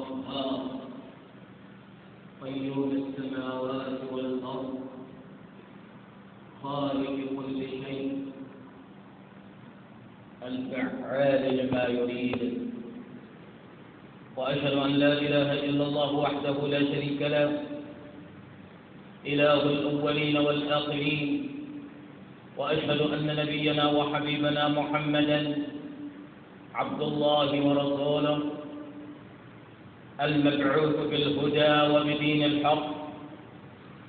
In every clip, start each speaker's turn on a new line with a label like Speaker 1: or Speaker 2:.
Speaker 1: والأرحام قيوم السماوات والأرض خالق كل شيء الفعال لما يريد وأشهد أن لا إله إلا الله وحده لا شريك له إله الأولين والآخرين وأشهد أن نبينا وحبيبنا محمدا عبد الله ورسوله المبعوث بالهدى وبدين الحق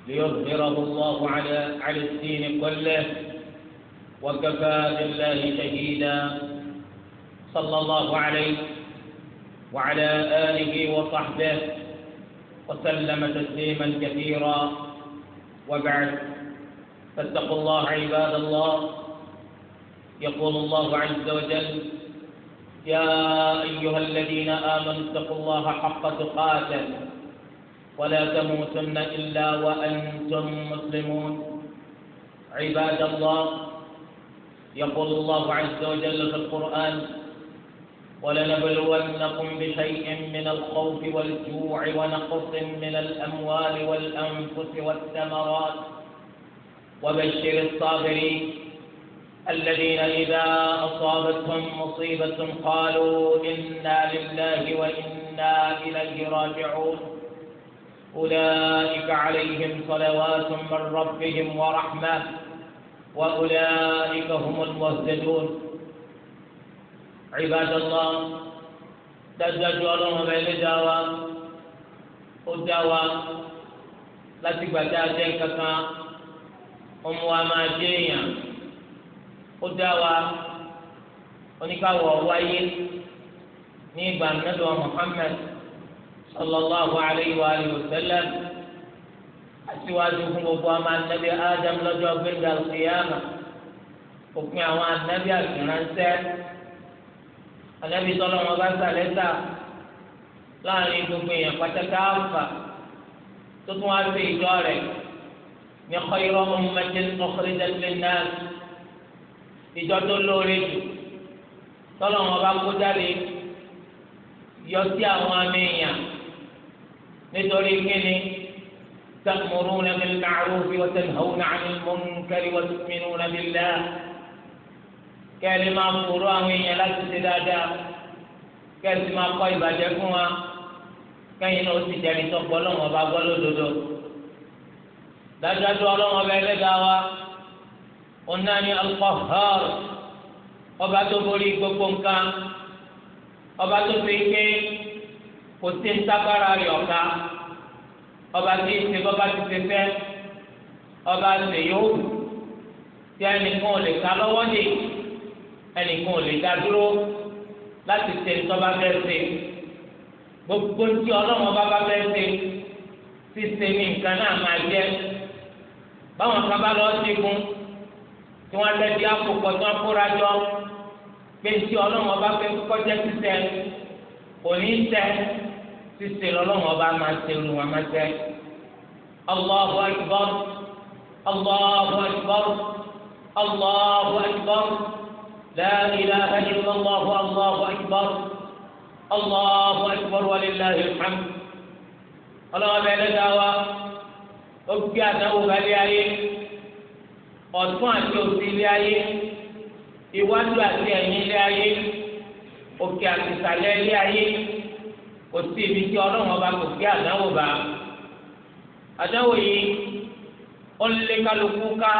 Speaker 1: ليظهره الله على على الدين كله وكفى بالله شهيدا صلى الله عليه وعلى آله وصحبه وسلم تسليما كثيرا وبعد فاتقوا الله عباد الله يقول الله عز وجل يا أيها الذين آمنوا اتقوا الله حق تقاته ولا تموتن إلا وأنتم مسلمون عباد الله يقول الله عز وجل في القرآن ولنبلونكم بشيء من الخوف والجوع ونقص من الأموال والأنفس والثمرات وبشر الصابرين الذين إذا أصابتهم مصيبة قالوا إنا لله وإنا إليه راجعون أولئك عليهم صلوات من ربهم ورحمة وأولئك هم المهتدون عباد الله dájúdájú ọlọ́run بين الدواء dá لا ó dá wa láti gbàdá ó dá wa oníkàwọ wáyé ní ìgbà nàbẹ wa Muhammad sallallahu alayhi wa alayhi wa sallam aṣíwájú fún gbogbo ọmọ anabi Adam lọ́jọ́ gbẹngà al-qiyama òpin àwọn anabi àfìránṣẹ́ anabi tọ́lọ́ wọn bá sàlẹ́sà láàrin gbogbo èèyàn pátákà àfà tó tún wá sí ìjọ rẹ̀ ní khayra ummatin ukhrijat lin-nas ìjọ tó lóore jù tọ́lọ̀ wọn bá kó jáde yọ sí àwọn àmì èèyàn nítorí kíni تأمرون بالمعروف وتنهون عن المنكر وتؤمنون بالله kẹ́ni máa fòrò àwọn èèyàn láti ṣe dáadáa kẹ́ni máa kọ́ ìbàjẹ́ fún wa kẹ́yìn náà ó sì jẹ́ni tó gbọ́ lọ́wọ́ bá gbọ́ lódodo dájúdájú ọlọ́wọ́ bá ẹlẹ́dàá wa onani alqahhar ọba tó borí gbogbo nǹkan ọba tó fi pé kò sí ntagbara rẹ ọ̀ka ọba tí ìṣe bọba ti ṣe fẹ́ ọba ṣe yóò tí ẹnìkan ò lè ka lọ́wọ́ dè ẹnìkan ò lè dá dúró láti ṣe ntọ́ba fẹ́ ṣe gbogbo ntí ọlọ́run ọba bá fẹ́ ṣe ṣíṣe ní nǹkan náà máa jẹ́ báwọn kan ṣe fún tí wọ́n lẹ́ di àpòpọ̀ tí wọ́n kóra jọ pé tí ọlọ́run ọba fẹ́ kọjá sísẹ kò ní sẹ sísẹ lọ́lọ́run ọba máa ṣe lu wọn máa ṣe. Allahu akbar Allahu akbar Allahu akbar la ilaha illallah Allahu akbar Allahu akbar wa lillahi alhamd. ọlọ́run ọba ẹlẹ́dàá wa ó gbé àtàwọn òkàlẹ́ ayé ọ̀tún àti òsì ilé ayé iwájú àti ẹ̀yìn ilé ayé òkè àti ìsàlẹ̀ ilé ayé kò sí ibi tí ọlọ́run ọba kò sí àdánwò bá àdánwò yìí ó ń lé kálukú ká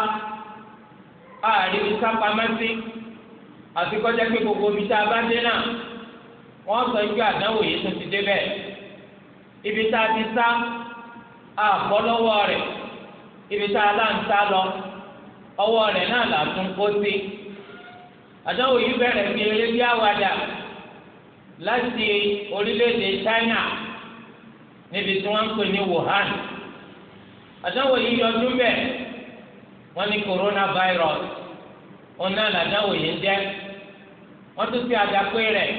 Speaker 1: àárín sápamẹ́sí àti kọjá pé gbogbo ibi tá a bá dé náà wọ́n sọ pé àdánwò yìí tún ti débẹ̀ ibi tá a ti sá àbọ̀ lọ́wọ́ rẹ̀ ibi tá a lá ń sá lọ. ọwọ́ rẹ̀ náà là fún kó sí àdáwò yìí bẹ̀rẹ̀ bí eré bí àwàdà láti orílẹ̀-èdè China níbi tí wọ́n ń pè ní Wuhan àdáwò yìí yọdún bẹ́ẹ̀ wọ́n ní coronavirus ọ̀nà làdáwò yìí ń jẹ́ wọ́n tún fi àdàpé rẹ̀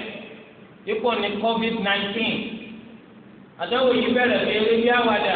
Speaker 1: ipò ní covid 19 àdáwò yìí bẹ̀rẹ̀ bí eré bí àwàdà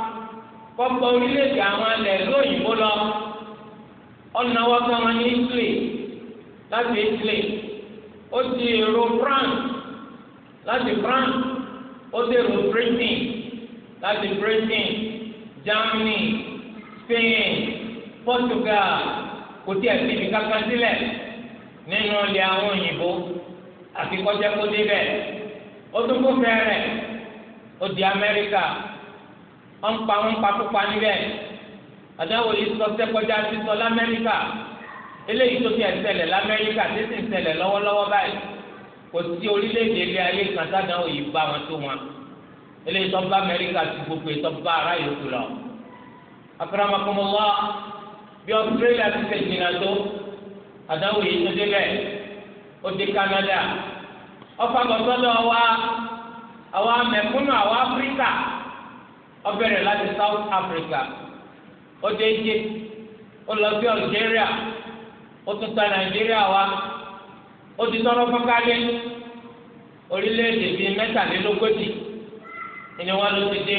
Speaker 1: kọ́kọ́ orílẹ̀-èdè àwọn alẹ̀ lóyìnbó lọ ọ̀nàwọ́ kan wọn ní Italy láti Italy ó ti èrò France láti France ó ti èrò Britain láti Britain Germany Spain Portugal kò tí ẹ̀ síbi kankan sílẹ̀ nínú ilẹ̀ àwọn òyìnbó àfikọ́jẹ́ kó débẹ̀ ó tún kó fẹ́ rẹ̀ ó di Amẹ́ríkà wọn pa wọn pa pupa níbẹ̀ àdáwò yìí sọ sẹ́kọjá sísọ lamẹ́ríkà eléyìí tó fi ẹ̀sẹ̀lẹ̀ lamẹ́ríkà tó sì ń ṣẹlẹ̀ lọ́wọ́lọ́wọ́ báyìí kò sí orílẹ̀-èdè ilé ayé kan sádàáwò yìí bá wọn tó wọn eléyìí tó bá amẹ́ríkà ti gbogbo ètò bá ara yòókù lọ. akọ́nàmọ́kọ́mọ́wá bí Australia ti ṣe jìnnà tó àdáwò yìí tó débẹ̀ ó dé Canada ọ̀fà gbọ̀sọ́dọ̀ wa àwa mẹ̀kúnnù àwa Áfíríkà. Ọ bẹ̀rẹ̀ láti South Africa ó dé ike ó lọ sí Algeria ó tún ta Nàìjíríà ó ti tọrọ fọkálẹ orílẹ̀-èdè bíi mẹ́tàlélógójì ni wọ́n ló ti dé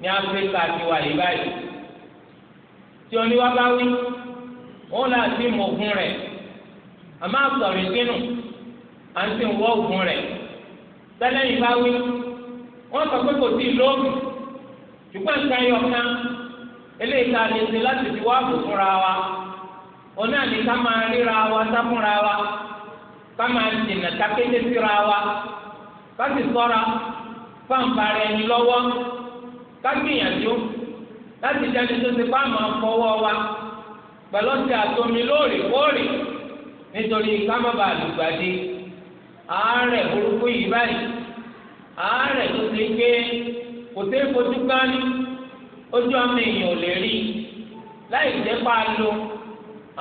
Speaker 1: ní Africa ti wà yìí báyìí tí oníwá bá à ń bá sọ pé kò ṣùgbọ́n nǹkan ẹyọ kan eléyìí tá a lè ṣe láti fi wáàbò fúnra wa òun náà ní ká máa ríra wa sá fúnra wa ká máa dènà takété síra wa ká sì sọ́ra fáǹfààrẹ ẹni lọ́wọ́ ká gbìyànjú láti jáde tó ti bá máa fọwọ́ wa pẹ̀lú ọ̀sẹ̀ àtomi lóòrèkóòrè nítorí ká má bàa lùgbàdì àárẹ̀ burúkú yìí báyìí àárẹ̀ tó ti gbé. kò sí fojú gbáni ojú ọmọ èèyàn ò lè rí láì jẹ́ pa lo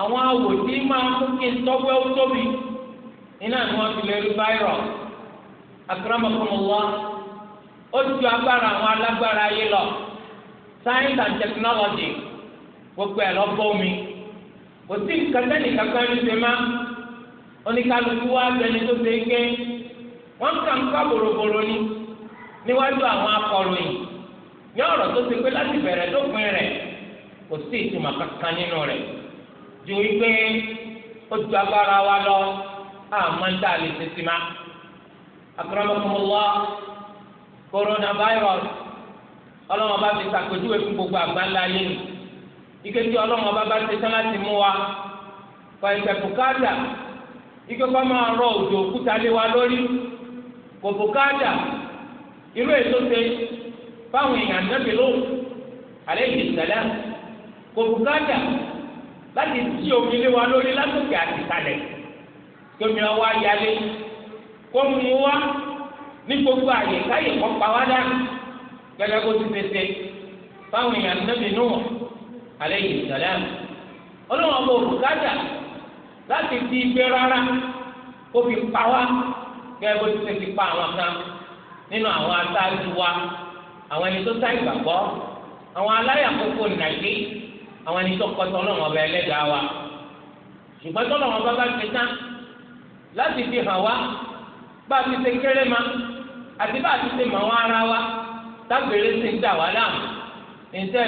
Speaker 1: àwọn awò tí máa ń fún kí n tọ́gbẹ́ ó tóbi iná ni wọ́n lè rí virus ó ju agbára àwọn alágbára ayé lọ science and technology gbogbo ẹ̀ lọ́gbọ́ kò ni. níwájú àwọn akọ̀ròyìn ní ọ̀rọ̀ tó ti pé láti bẹ̀rẹ̀ dópin rẹ̀ kò sí ìtumọ̀ kankan nínú rẹ̀ ju wípé ó ju agbára wa lọ àmọ́ ń tà lè tètè má. akramakumullah coronavirus ọlọ́wọ́n fi fún gbogbo ike tí ọlọ́wọ́n bá ti tán láti mú wa kọ ike kọ́ máa rọ òjò òkúta lé wa lórí irú ètò ṣe fáwọn èèyàn nàbì lóhùn alẹ́ yìí sẹ́lẹ̀ kò bùkátà láti tí omi lé wa lórí látòkè àti kalẹ̀ tómi ọwọ́ ayálé kó mu wá ní gbogbo àyè káyè kọ́ pa wá dá gẹ́gẹ́ bó ti tètè fáwọn èèyàn nàbì lóhùn alẹ́ yìí sẹ́lẹ̀ ọlọ́wọ́n kò bùkátà láti di igbe rárá kó fi pa wá gẹ́gẹ́ bó ti tètè pa àwọn kan. nínú àwọn aṣáájú wa àwọn ẹni tó sá ìgbàgbọ́ àwọn akwụkwọ nàìjí àwọn ẹni tó kọtọ lọ́wọ́ ọba ẹlẹ́dàá wa ṣùgbọ́n tọ́lọ̀ wọn bá bá ti tán láti fi hàn wá bá a ti ṣe kéré ma àti bá a ti ṣe mọ̀ wọ́n ara wa tábìlì ń dà wá láàmú níta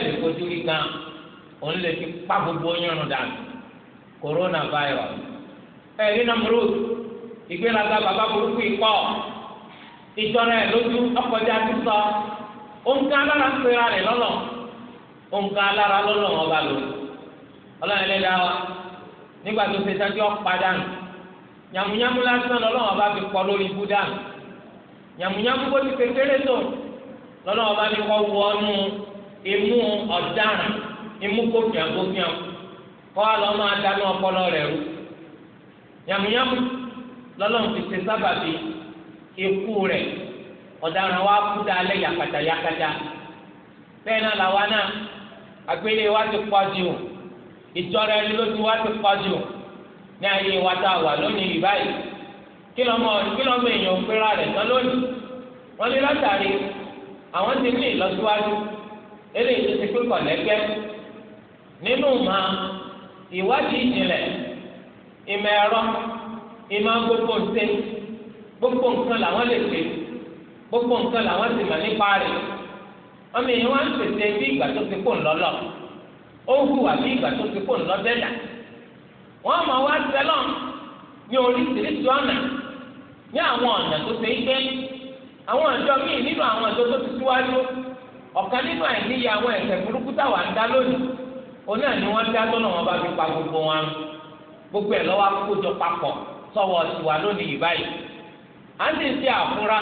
Speaker 1: ìjọra ẹ̀ lójú ọkọjá sísọ òǹkà alára ń pera rẹ̀ lọ́lọ́ òǹkà alára lọ́lọ́ wọn bá lò ọlọ́run ẹlẹ́dàá wa nígbà tó ṣe sẹ́jọ́ padànù yàmùyàmù lásán lọ́lọ́run ọba fi kọ́ lórí ibú dànù yàmùyàmù bó ti kékeré tó lọ́lọ́run ọba fi kọ́ wọnú imú ọ̀daràn imú kófìàkófìàn kọ́ àlọ́ máa dáná ọpọlọ rẹ̀ rú yàmùyàmù lọ́lọ́run fi ṣe sábàbí ikú rẹ̀ ọ̀daràn wa kú dalẹ̀ yakata yakata bẹ́ẹ̀ náà làwa náà àgbélé wa ti pọ̀ jù ìjọra ẹni wa ti ní ayé wa wà lónìí báyìí kí kílọmọ èèyàn péra rẹ tán lónìí wọ́n lé látàrí àwọn ti ní ìlọsíwájú eléyìí ti pé nínú ma ìwádìí gbogbo nǹkan làwọn lè ṣe gbogbo nǹkan làwọn sì mọ̀ nípa rẹ̀ ọmọ èèyàn wá pèsè bí ìgbà tó ti kó ńlọ́lọ́ ó ń hùwà bí ìgbà tó ti kó ńlọ́dẹ́dà wọn mọ̀ wá sẹ́lọ̀ ní oríṣiríṣi ọ̀nà ní àwọn ọ̀nà tó ṣe àwọn míì nínú àwọn tó ti ọ̀kan nínú àìníye àwọn burúkú ń dá lónìí oní wọn dá wọn bá fi gbogbo wọn gbogbo ẹ̀ lọ́wọ́ papọ̀ sọ́wọ́ à ń akwụra àfúrá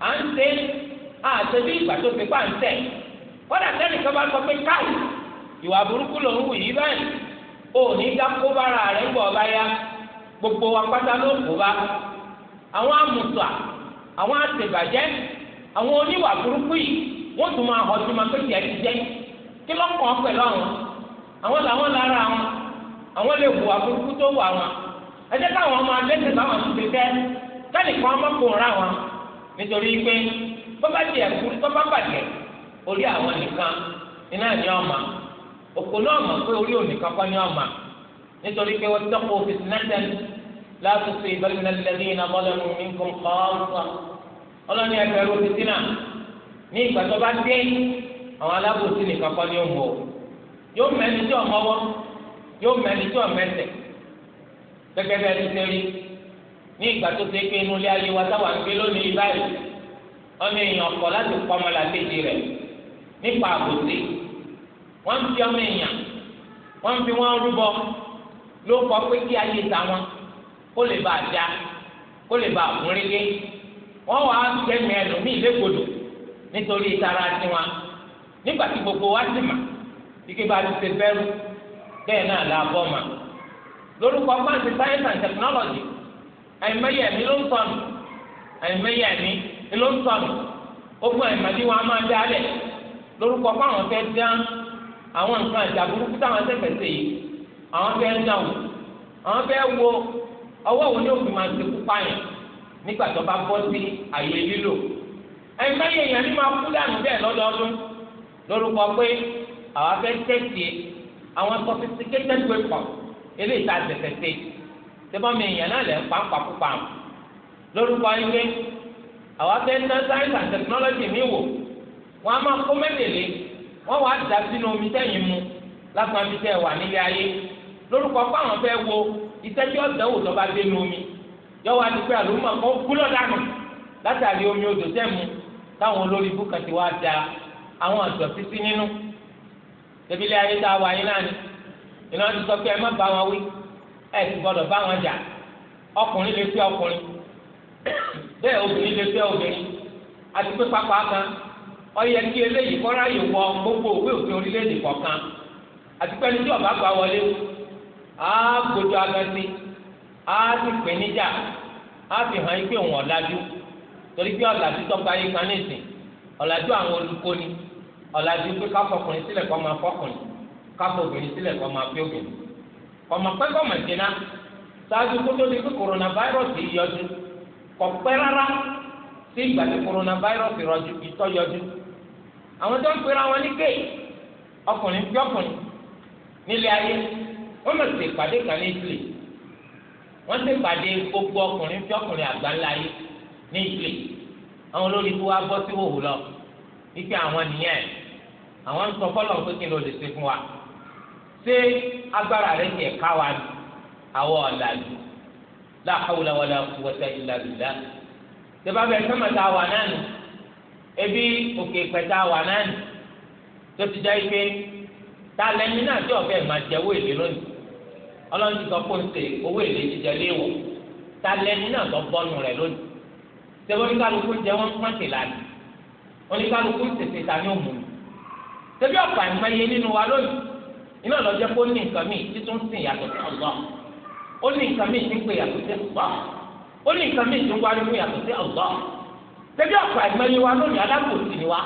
Speaker 1: à ń tẹ́ àṣẹ bí ìgbà tó fi pàǹtẹ̀ kọ́dà tẹ́nìkan bá sọ pé káì ìwà burúkú ló ń wù yí báyìí ó ní ya gbogbo akpata ló kó bá àwọn amùsà àwọn àtẹ̀bàjẹ́ àwọn oníwà burúkú yìí wọ́n tún máa máa pé tiẹ̀ ti jẹ́ kí lọ́kàn pẹ̀lú àwọn àwọn làwọn lára àwọn àwọn lè wù tó wù kánìkan ọmọkùnrin ra wọn nítorí pé bọ́bá tiẹ̀ kú bọ́bá bàjẹ́ orí àwọn nìkan iná ní ọmọ òkú náà mọ̀ pé orí ònìkan kọ́ ní ọmọ nítorí pé wọ́n tọ́kọ̀ òfìsì náà dẹ́nu láti ṣe ìbẹ́lẹ́nà lẹ́lẹ́ iná bọ́lẹ́nu ní nǹkan kọ́ọ̀ọ́sọ ọlọ́ni ẹgbẹ̀rún òfìsì náà ní ìgbà tó bá dé àwọn alábòsí nìkan kọ́ ní òun yóò mẹ́ni tí ọmọ wọ́ yóò mẹ́ni tí ọmọ ẹsẹ̀ gẹ́gẹ́ bẹ́ẹ̀ ti ṣe rí ní ìgbà tó ṣe pé inú ilé ayé wa táwa ń gbé lónìí báyìí ọmọ èèyàn kọ̀ láti pọmọ làkejì rẹ̀ nípa àbòsí wọ́n fi ọmọ èèyàn wọ́n fi wọ́n rúbọ ló kọ pé kí ayé tàwọn kó lè bá a já kó lè bá a kún régé wọ́n wàá gbẹ̀mí ẹlòmíì lẹ́gbọ̀dọ̀ nítorí ìtara tiwọn nígbà tí gbogbo wa ti mà ike bá a ti ṣe fẹ́rù bẹ́ẹ̀ náà la bọ́ lórúkọ fáǹsì science and technology. àìmọye ẹ̀mí ló ń sọnù àìmọye ẹ̀mí ló ń ogun wọn a máa dá lẹ̀ lórúkọ fáwọn fẹ́ dá àwọn nǹkan àjà burúkú táwọn ṣẹ̀fẹ̀ ṣe yìí àwọn fẹ́ dá wò àwọn fẹ́ wo ọwọ́ wo òfin máa ṣe kópa yẹn nígbà tó bá bọ́ sí àyè lílò sẹ́fọ́ mi èèyàn náà lẹ̀ ń pa pàkúpà lórúkọ ayé àwọn abẹ́ ná science and technology mi wò wọ́n á máa kó mẹ́tẹ̀lé wọ́n wàá dà sínú omi tẹ̀yìn mu lápá mi tẹ̀ wà nílé ayé lórúkọ pé àwọn fẹ́ wo ìtẹ́jú ọ̀dọ́ wò lọ́ba dé nu omi yọ̀wọ́ adigun àlùmọ̀ kọ́ gúlọ̀ dànù látàrí omi odò tẹ̀ mu táwọn olórí búkà ti wá da àwọn àjọ títí nínú tẹ̀bílẹ̀ ayé tá a wà yín náà ni ìnáwó ti sọ pé ẹ má bá wọn wí. ẹ ti gbọ́dọ̀ bá wọn jà ọkùnrin lè fẹ́ ọkùnrin bẹ́ẹ̀ obìnrin lè a obìnrin àti pé pápá kan ọyẹ kí eléyìí kọ́ra yìí wọ gbogbo òwe òfin orílẹ̀-èdè kọ̀ọ̀kan àti pé ẹni tí ọba gbà wọlé á gbójú agbẹ́sí á ti pè níjà á fi hàn òun torí pé ọ̀làjú tọ́gbà kan ọ̀làjú àwọn ọ̀làjú pé káfọkùnrin sílẹ̀ kọ́ máa fọkùnrin káfọkùnrin sílẹ̀ kọ́ máa ọmọ pẹ́ bọ́mọ̀ jìnnà ṣáájú kótó di pé kòrónàfáírọ́ọ̀sì yọjú kò pẹ́ rárá sí ìgbà tí kòrónàfáírọ́ọ̀sì rọjú ìtọ́ yọjú àwọn tó ń pera wọn ní géè ọkùnrin bí ọkùnrin nílé ayé wọ́n mọ̀ sí pàdé gbogbo ọkùnrin ọkùnrin ayé ní Italy àwọn olórí ikú wa bọ́ sí àwọn nìyẹn àwọn ṣé agbára rẹ̀ tiẹ̀ ká wa ni àwọn ọ̀làjú la hawla wala quwwata illa billah tẹ́fà bẹ́ẹ̀ sọ́mọ̀ tá a wà náà nù ebi òkè pẹ̀tà wà náà nù tó ti dá ike tá a lẹ́yìn náà tí ọ̀fẹ́ máa jẹ́ owó èlé lónìí ọlọ́run ti sọ pé ń ṣe owó èlé jíjẹ léèwọ̀ tá a lẹ́yìn náà tó bọ́nu rẹ̀ lónìí tẹ́fà oníkálukú jẹ wọ́n pọ́ǹtì lánàá oníkálukú tètè ta ní òmùnú tẹ́fà ọ̀pọ̀ àìmọye nínú wa lónìí iná lọ́jọ́ pé ó ní nǹkan míì tí sìn yàtọ̀ sí Allah ó ní nǹkan míì tí ń pè yàtọ̀ sí Allah ó ní nǹkan míì tí ń wárí fún yàtọ̀ sí Allah tẹ́bí ọ̀pọ̀ àìmọye wa lónìí alábòsí ni wa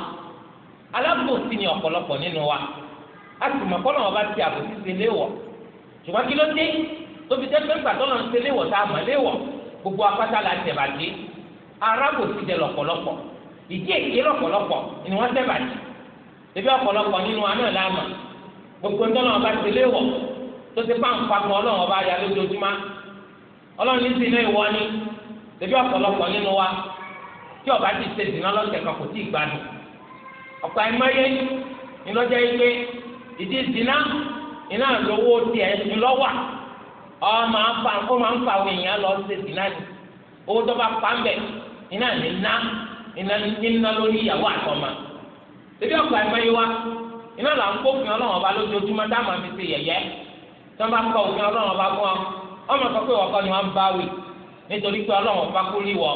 Speaker 1: alábòsí ni ọ̀pọ̀lọpọ̀ nínú wa a sì mọ̀ kọ́nà wọn bá ti àbòsí ṣe léwọ̀ ṣùgbọ́n kí ló dé tóbi tẹ́ pé gbàtọ́ lọ ṣe léwọ̀ tá a mọ̀ léwọ̀ gbogbo apáta la tẹ̀ bàjẹ́ arábòsí jẹ lọ̀pọ̀lọpọ̀ ìdí èké lọ̀pọ̀lọpọ̀ ni wọ́n tẹ̀ bàjẹ́ tẹ́bí ọ̀pọ̀lọpọ̀ nínú wa náà láàmà gbogbo ntọ́nà ọba ti lé wọ̀ tó ti pa nǹkan ọlọ́run ọba yà lójoojúmọ́ ọlọ́run ní sinú ìwọ ni tẹ̀bí ọ̀pọ̀lọpọ̀ nínú wa tí ọba ti ṣe ìdìnnà lọ́sẹ̀ kan kò tí ì ọ̀pọ̀ ìdí ìdìnnà iná tiẹ̀ ó máa ń fa àwọn èèyàn lọ ṣe ìdìnnà ni owó tó bá pa ń bẹ̀ iná ná iná lórí ìyàwó iná là ń kó òfin ọlọ́run ọba lójoojúmọ́ dáàmú àfi ṣe yẹ̀yẹ́ tí wọ́n bá ń kọ òfin ọlọ́run ọba fún ọ ọmọ sọ pé ni wọ́n ń bá wì nítorí pé ọlọ́run ọba kú rí wọ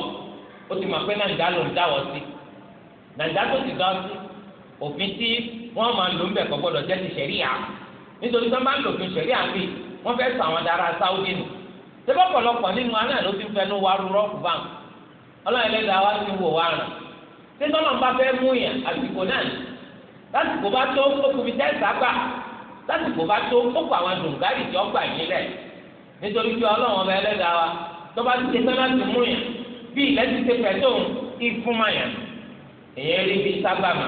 Speaker 1: ó ti mọ̀ pé ló ń sí tó ti dọ́ sí òfin tí wọ́n máa ń lò ń bẹ̀ kọ́ gbọ́dọ̀ jẹ́ ti nítorí tí wọ́n bá lásìkò bá tó kókò fi tẹ́sà gbà lásìkò bá tó kókò àwọn dùngárì tí ó gbà yín lẹ̀ nítorí pé ọlọ́run ọba ẹlẹ́dàá wa tó bá ti ṣe tán láti mú yàn bí ilẹ̀ ti ṣe pẹ̀tó ìfúnmayàn èyí rí bí sábàmà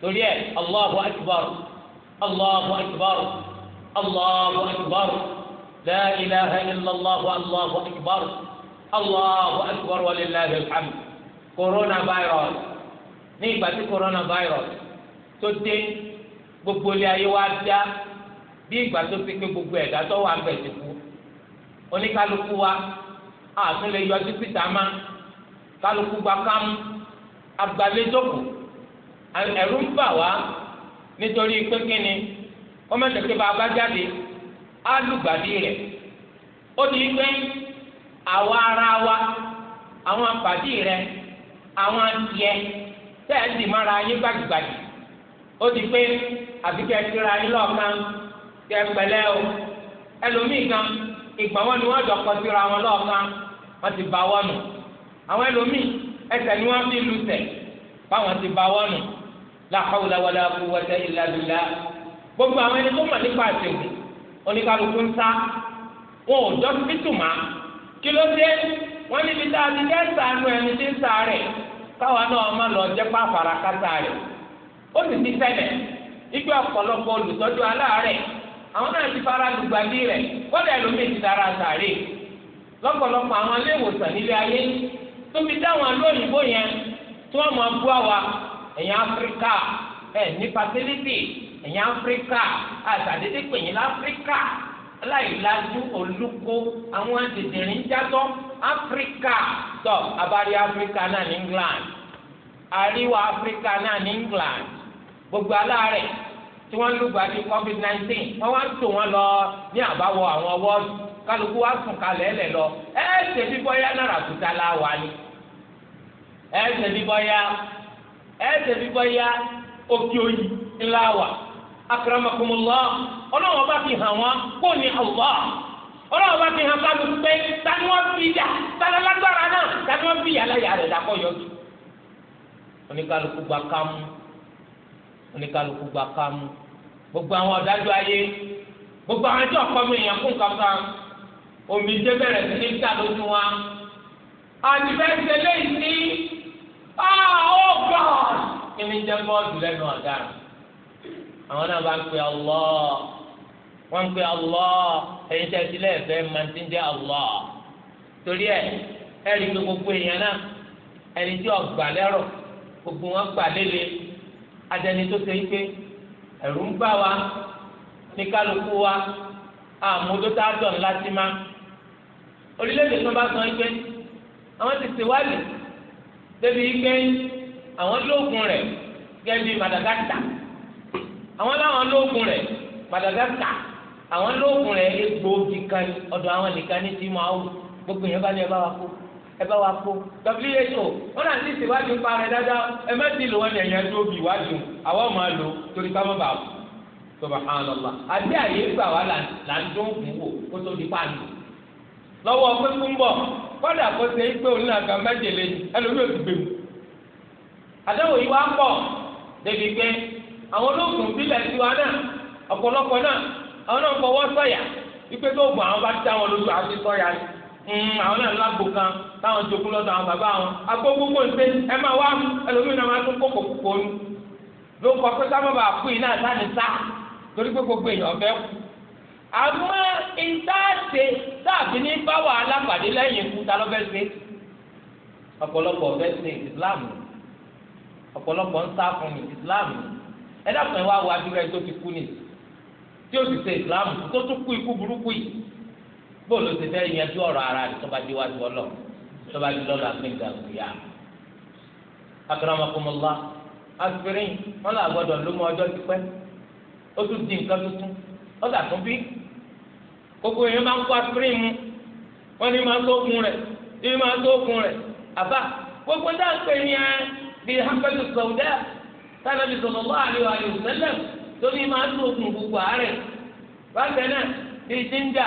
Speaker 1: torí ẹ Allahu akbar Allahu akbar Allahu akbar la ilaha illallah Allahu akbar Allahu tó dé gbogbo ilé ayé wa dá bí ìgbà tó ti pé gbogbo ẹ̀dá tó wà bẹ̀ ti kú oníkálukú wa àtún lè yọjú síta má kálukú gba kámú agbalẹ́dọ́kù ẹ̀rú ń bà wá nítorí pé kí ni wọ́n bá a bá jáde á lùgbàdì rẹ̀ ó di pé àwa ara wa àwọn àpàdé rẹ̀ àwọn tiẹ̀ tẹ̀ ẹ́ dì mára yín gbàgbàgbà ó ti pé àbí kẹ́ ẹ kíra yín lọ́ọ̀kan kẹ́ ẹ pẹ̀lẹ́ o ẹlòmíì kan ìgbà wọn ni wọ́n jọ kọ síra wọn lọ́ọ̀kan wọ́n ti bá wọ́n nù àwọn ẹlòmíì ẹsẹ̀ ni wọ́n fi lu tẹ̀ báwọn ti bá wọ́n nù la hawla wala quwwata illa billah gbogbo àwọn ẹni tó mọ̀ nípa àtẹ̀wò oníkàlùkù ń sá wọn ò jọ fítùmá kí ló dé wọn níbi tá a ti kẹ́ sànú ẹni tí ń sá káwọn náà má lọ jẹ́ pàfàrà kásá rẹ̀ ó sì ti ṣẹlẹ̀ ikú ọ̀pọ̀lọpọ̀ olùtọ́jú aláàárẹ̀ àwọn náà ti fara lùgbàdì rẹ̀ kọ́dà ẹlòmíì ti dára sàárè lọ́pọ̀lọpọ̀ àwọn ilé ìwòsàn nílé ayé tó fi dáwọn lóyìnbó yẹn tí wọ́n máa bú àwa ẹ̀yin áfíríkà ẹ̀ ní facility ẹ̀yin áfíríkà àtàdédé pèyìn láfíríkà aláìlájú olùkó àwọn dìdìrín játọ́ áfíríkà tọ́ abárí áfíríkà náà ní England àríwá áfíríkà náà ní England gbogbo alaare tí wọ́n lùgbà ní covid nineteen wọ́n wá ń tò lọ ní àbáwọ àwọn kálukú wá sùn kalẹ̀ lẹ̀ lọ ẹ ṣe náírà kúta la wà ní ẹ ṣe ẹ ṣe òkè òyì ńlá wà ọlọ́wọ́n bá fi hàn kó ní ọlọ́wọ́n bá fi hàn bá pé tani fi tani lágbára náà tani fi oníkálukú gba kámú gbogbo àwọn ọ̀dájú ayé gbogbo àwọn ẹjọ́ ọ̀kọ́ mi èèyàn fún kankan omi dé bẹ̀rẹ̀ sí ní ta lójú wa àti bẹ́ẹ̀ ṣe léyìí sí ọ́ ah, oh God kí ni jẹ́ bọ́ọ̀dù lẹ́nu àwọn náà bá ń wọ́n ń ẹ̀yin tẹ́ ti lẹ́ẹ̀fẹ́ máa ti adẹni tó ṣe ike ẹ̀rù ń gbà wá ní kálukú wa àmójútó àdọ̀ ńlá sí ma orílẹ̀-èdè tó bá san ike àwọn ti ṣèwádìí débi ike àwọn lóògùn rẹ̀ gẹ́gẹ́ bí Madagascar àwọn láwọn lóògùn rẹ̀ Madagascar àwọn lóògùn rẹ̀ egbòogi kan ọ̀dọ̀ àwọn nìkan ní tí mo àwọn gbogbo yẹn bá ní ẹ bá wa kó. ẹ wa kó WHO wọn náà ti ṣèwádìí ń parẹ dáadáa ẹ má ti lò wọn ní ẹ̀yàn tó bí ìwádìí àwọn ọmọ àlò torí ká má bà wù Subhanallah àti àyè gbà wá là ń dún wò kó tó di kó ṣe é pé òun náà kàn àwọn olóògùn bílẹ̀ náà náà àwọn Mm, àwọn náà lágbo kan táwọn jogún lọ́dọ̀ àwọn bàbá wọn agbó gbogbo ń pé ẹ máa wá ẹlòmíràn máa tún kókò kókò nu ló ń kọ pé sábà bàa kú iná sáni sá torí pé gbogbo èèyàn fẹ́ kú àmọ́ ìtaàṣe tàbí ní báwa alápàdé lẹ́yìn ikú ta ló fẹ́ ṣe ọ̀pọ̀lọpọ̀ fẹ́ ṣe ìsìláàmù ọ̀pọ̀lọpọ̀ ń sá fún mi ìsìláàmù ẹ dákun ẹ wá wo abirẹ tó ti kú ni tí ó sì ṣe ìsìláàmù tó tún kú ikú burúkú yìí bóòlù ti fẹ́ yanjú ọ̀rọ̀ ara rẹ̀ tó bá di wájú ọlọ́ tó bá di lọ́la gbẹ̀ngà òkúya. akramakumullah aspirin wọn là gbọ́dọ̀ ló mọ ọjọ́ ti pẹ́ ó tún di nǹkan tuntun ó dà tún bí gbogbo yẹn máa ń kó aspirin mu wọn ní máa ń lókun rẹ̀ ní máa ń lókun rẹ̀ àbá gbogbo dáa ń pè ní ẹ bí hapẹ́lú sọ̀dẹ́ sanabi sallallahu alaihi wa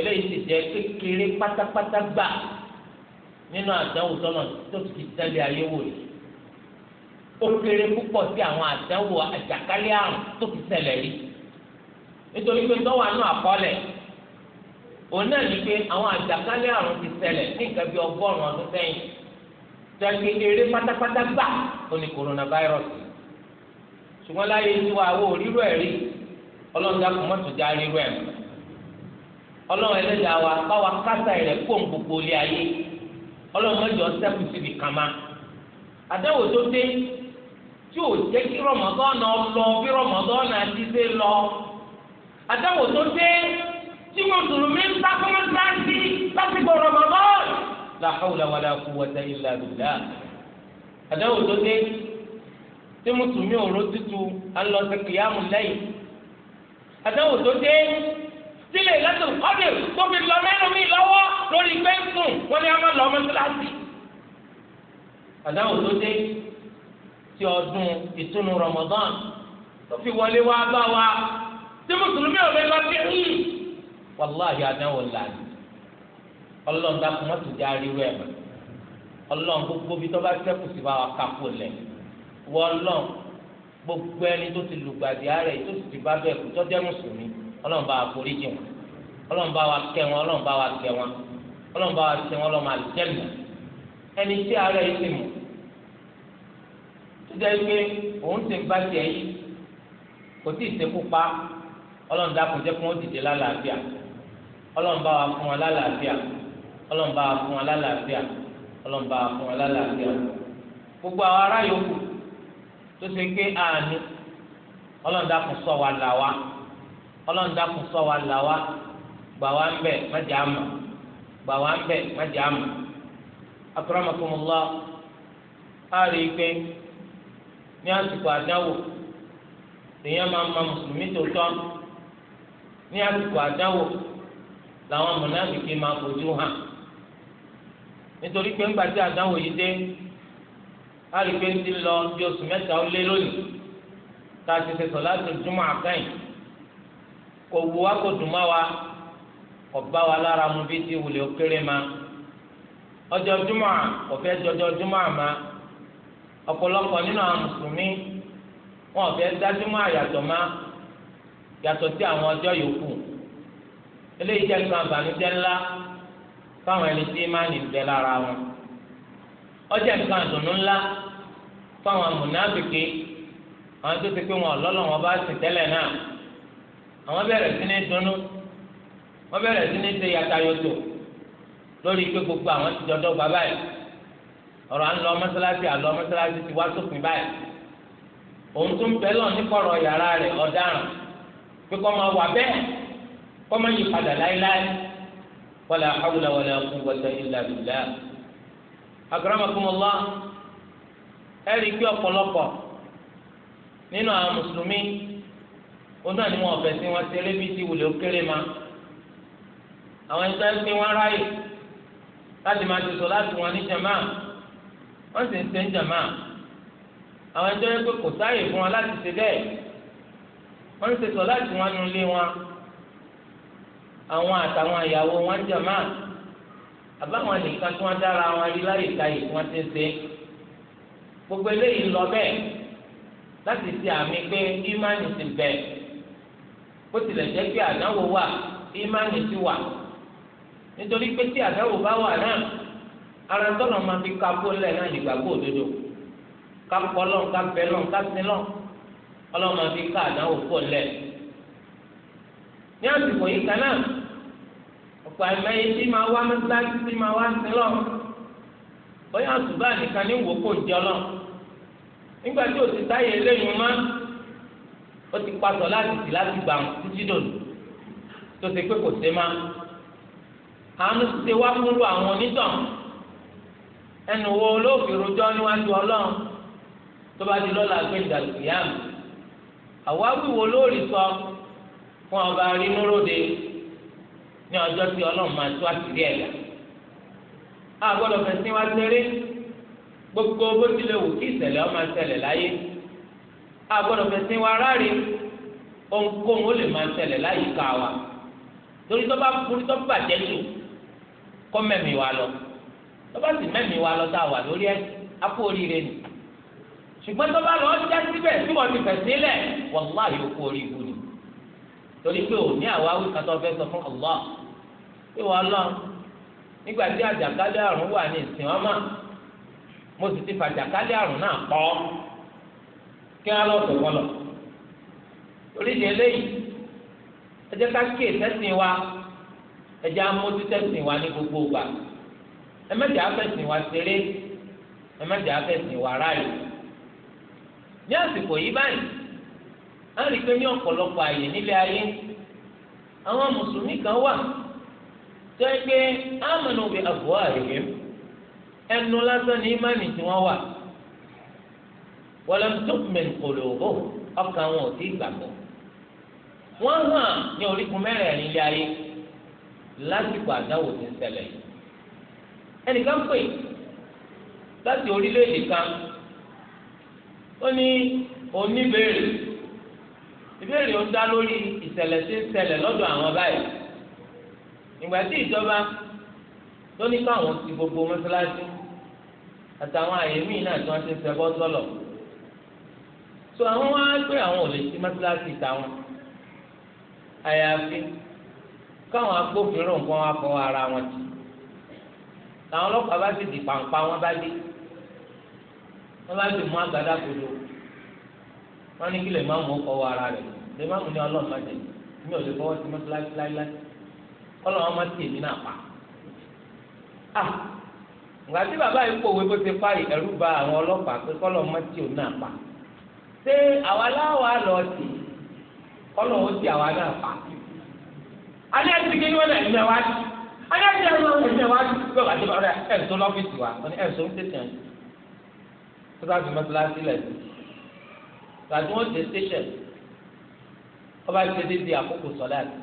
Speaker 1: eléyìí ti jẹ́ kékeré pátápátá gbà nínú àdánwò tọ́nà tó ti tẹ́lẹ̀ ayé wò ni ó kéré púpọ̀ sí àwọn àdánwò àjàkálẹ̀ àrùn tó ti ṣẹlẹ̀ rí nítorí pé tọ́wọ́ àánú àkọọ́lẹ̀ òun náà ní pé àwọn àjàkálẹ̀ àrùn ti ṣẹlẹ̀ ní nǹkan bí ọgọ́rùn-ún ọdún sẹ́yìn tẹ́lẹ̀ kékeré pátápátá gbà coronavirus ṣùgbọ́n láyé tí wàá wò rírú ẹ̀rí ọlọ́run ẹlẹ́dàá wa báwa kásá rẹ̀ kó gbogbo ilé ayé ọlọ́run mẹ́jọ sẹ́kù síbi kàmá àdáwò tó dé tí ò jẹ́ kí rọmọdọ́nà lọ bí rọmọdọ́nà ti dé lọ àdáwò tó dé tí mùsùlùmí ń bá kọ́mọ́sáàsì láti gbọ́ rọmọdọ́n la hawla wala quwwata illa billah àdáwò tó dé tí mùsùlùmí òró tutù alọ́sẹ̀kìyàmù lẹ́yìn àdáwò tó dé sílẹ̀ lẹ́sìn kọ́dì tó fi lọ mẹ́rin mi lọ́wọ́ lórí fẹ́ǹsùn wọ́n ní a máa lọ ọmọ kíláàsì. àdáhùn tó dé tí ọdún ìtúnu Ramadan tó fi wọlé wá bá wa tí mùsùlùmí ò lè lọ sí ẹ̀yìn. wàláhì àdáhùn làdì ọlọ́run dákú má tún já rí wẹ́ẹ̀ mọ́ ọlọ́run gbogbo bí tó bá sẹ́kù sí wa kápò lẹ̀ wọ́n lọ́n gbogbo ẹni tó ti lùgbàdì ààrẹ tó sì ti bá bẹ́ẹ̀ kú tó mùsùlùmí ọlọ́run bá wa forí jìn wọn ọlọ́run bá wa kẹ́ wọn ọlọ́run bá wa kẹ́ wọn ọlọ́run bá wa ṣe wọn lọ́mọ àlùjẹ́nà ẹni tí ara yìí ti mọ̀ tó jẹ́ pé òun ti bá tiẹ̀ yìí kò tí ì ṣekú pa ọlọ́run dákun jẹ́ fún ó lálàáfíà ọlọ́run bá wa fún wọn lálàáfíà ọlọ́run bá wa fún wọn lálàáfíà ọlọ́run bá wa fún wọn lálàáfíà gbogbo àwọn ará yòókù tó ṣe pé àánú ọlọ́run dákun ṣọ́ wa là wa ọlọ́run dákun ṣọ́ wa là wa gbà wá ń bẹ̀ má jẹ́ àmà gbà wá ń bẹ̀ má jẹ́ àmà akramakumullah á rí i pé ní àsìkò àdáwò lèèyàn máa ma mùsùlùmí tó tọ́ ní àsìkò àdáwò làwọn mọ̀nàmìkì máa fojú hàn nítorí pé ńgbà tí àdáwò yìí dé á rí ti lọ bí oṣù mẹ́ta ó lé lónìí tá a ti ṣe sọ láti júmọ̀ àkáyìn. kò wù wá kò dùn má wa bá wa lára mu bí ti okéré ma ọjọ́ júmọ̀ kò fẹ́ jọjọ́ júmọ̀ ma ọ̀pọ̀lọpọ̀ nínú àwọn mùsùlùmí wọn ò dá júmọ̀ ma sí àwọn ọjọ́ yòókù eléyìí nǹkan ńlá fáwọn ẹni tí má nì bẹ lára wọn Ọjọ nǹkan àdùnnú ńlá fáwọn àwọn tó ti pé wọn wọn bá àwọn bẹ̀rẹ̀ sí ní na wọ́n bẹ̀rẹ̀ sí ní ṣe yàtayòtò lórí pé gbogbo àwọn ti jọdọ̀ bàbá yìí ọ̀rọ̀ à ń lọ mọ́sálásí àlọ́ mọ́sálásí ti wá sópin báyìí òun tún bẹ́ẹ̀ lọ nípọ̀rọ̀ yàrá rẹ̀ ọ̀daràn pé kọ́ máa wà bẹ́ẹ̀ kọ́ máa yí padà láéláé wala hawla wala quwwata illa billah akramakumullah ẹ̀rí ó náà ni wọn ọ̀fẹ́ sí wọn ṣe lébi tí wùlé ó kéré ma àwọn ẹni tó ń pín wọn ráyè láti máa ti sọ láti wọn ní jama wọn sì ń ṣe ń jama àwọn ẹni tó ń pè kò sáàyè fún wọn láti ṣe bẹ́ẹ̀ wọn ń ṣe sọ láti wọn nu ilé wọn àwọn àtàwọn ìyàwó wọn ń jama àbáwọn nìkan tí wọn dára wọn rí láyè káyè tí wọn ti ń ṣe gbogbo eléyìí lọ bẹ́ẹ̀ láti ṣe àmì pé ìmánì ti bẹ́ẹ̀. bó tilẹ̀ jẹ́ pé àdánwò wà ìmánì ti wà nítorí pé tí bá wà náà ara tọ́nà máa fi kápó lẹ̀ náà nígbàgbọ́ òdodo ka lọ́n kápẹ́ lọ́n kásí lọ́n ọlọ́run máa fi ká àdánwò pọ̀ lẹ̀ ní àsìkò yìí kan náà ọ̀pọ̀ àìmọye tí máa wá mẹ́tíláṣí tí máa wá sí lọ́n bóyá àtúbà nìkan ní wòókò jẹ́ lọ́n nígbà tí táyé ó ti pa sọ láti sì láti gbà títí dòdò tó ṣe pé kò ṣe má àánú ti ṣe wá fúnrú àwọn onítàn ẹnu wo olóòfin rojọ́ níwájú ọlọ́run tó bá di lọ́la gbé ìdàgbìyàmù àwa wíwo lórí sọ fún ọba rínúróde ní ọjọ́ tí ọlọ́run máa tó àṣírí ẹ̀yà a gbọ́dọ̀ fẹ̀sìn wá ṣeré gbogbo bó tilẹ̀ wù kí ìṣẹ̀lẹ̀ ọmọ ṣẹlẹ̀ láyé. agbọdọ fẹsẹ̀ wa ráre ohunkóhun ó lè máa ṣẹlẹ̀ láyìíká wa torí tó bá burú tó bàjẹ́ jù kọ́ mẹ́mi wa lọ tó bá sì mẹ́mi wa lọ tá a wà lórí ẹ̀ apò oríire nì ṣùgbọ́n tó bá lọ já síbẹ̀ tí wọ́n ti fẹ̀sẹ̀ lẹ̀ wàláhì ó kú orí ibu ni torí pé ò ní àwa wí kátó fẹ́ sọ fún Allah pé wọ́n lọ nígbà tí àjàkálẹ̀ àrùn wà ní ìsìn ọmọ mo sì ti fàjàkálẹ̀ àrùn náà pọ̀ ọ́. kí wọn lọ sọkọ lọ oríṣi eléyìí ẹ ká kí ìtẹsìn wa ẹ amójú tẹsìn wa ní gbogbo gbà ẹ afẹsìn wa ṣeré ẹ afẹsìn wa ráàyè ní àsìkò yìí báyìí a ní àyè nílé ayé àwọn mùsùlùmí kan wà wọlé tókùnmẹ̀n kòlòbó ọkàn wọn ò tí ì gbàgbọ́. wọ́n hàn ní orígun mẹ́rẹ̀ẹ̀rin ilé ayé lásìkò àdáwò ti ń ṣẹlẹ̀ yìí. ẹnìkan pè láti orílẹ̀-èdè kan ó ní oníbèrè ìbéèrè ó dá lórí ìṣẹ̀lẹ̀ tí ń ṣẹlẹ̀ lọ́dọ̀ àwọn báyìí. ìgbà tí ìjọba tó ní káwọn ti gbogbo mọ́ṣáláṣí àtàwọn àyè míì náà tí wọ́n ti ń ṣẹbọ́ sọ́lọ̀ so àwọn wá pé àwọn ò lè ṣí mọ́sálásí táwọn àyàfi káwọn agbófinró nǹkan wá fọ ara wọn jì táwọn ọlọ́pàá bá sì di pàǹpá wọn bá dé wọn bá sì mú àgbàdá kodo wọn ní kí lè má mú ọkọ wọ ara rẹ lè má mú ní ọlọ́run má jẹ mi ò lè fọwọ́ sí mọ́sálásí láíláí má ah ìgbà tí bàbá yìí bó àwọn ọlọ́pàá pé kọ́lọ́ má ṣé àwa láwa lọ sí kọ́nà ó ti àwa náà fà. alẹ́ ti kí ni wọ́n lè ní ẹwà jù alẹ́ ti ẹ̀rọ lè ní ẹwà jù bí ọba ti bá rẹ ẹ̀ tó lọ́fíìsì wa ẹ̀ tó ń tẹ̀sán yìí. tó bá fi mọ́tò láti lẹ̀ sí gbàtí wọ́n ti tẹ̀sán ọba ti tẹ̀sán di àkókò sọ́lá àti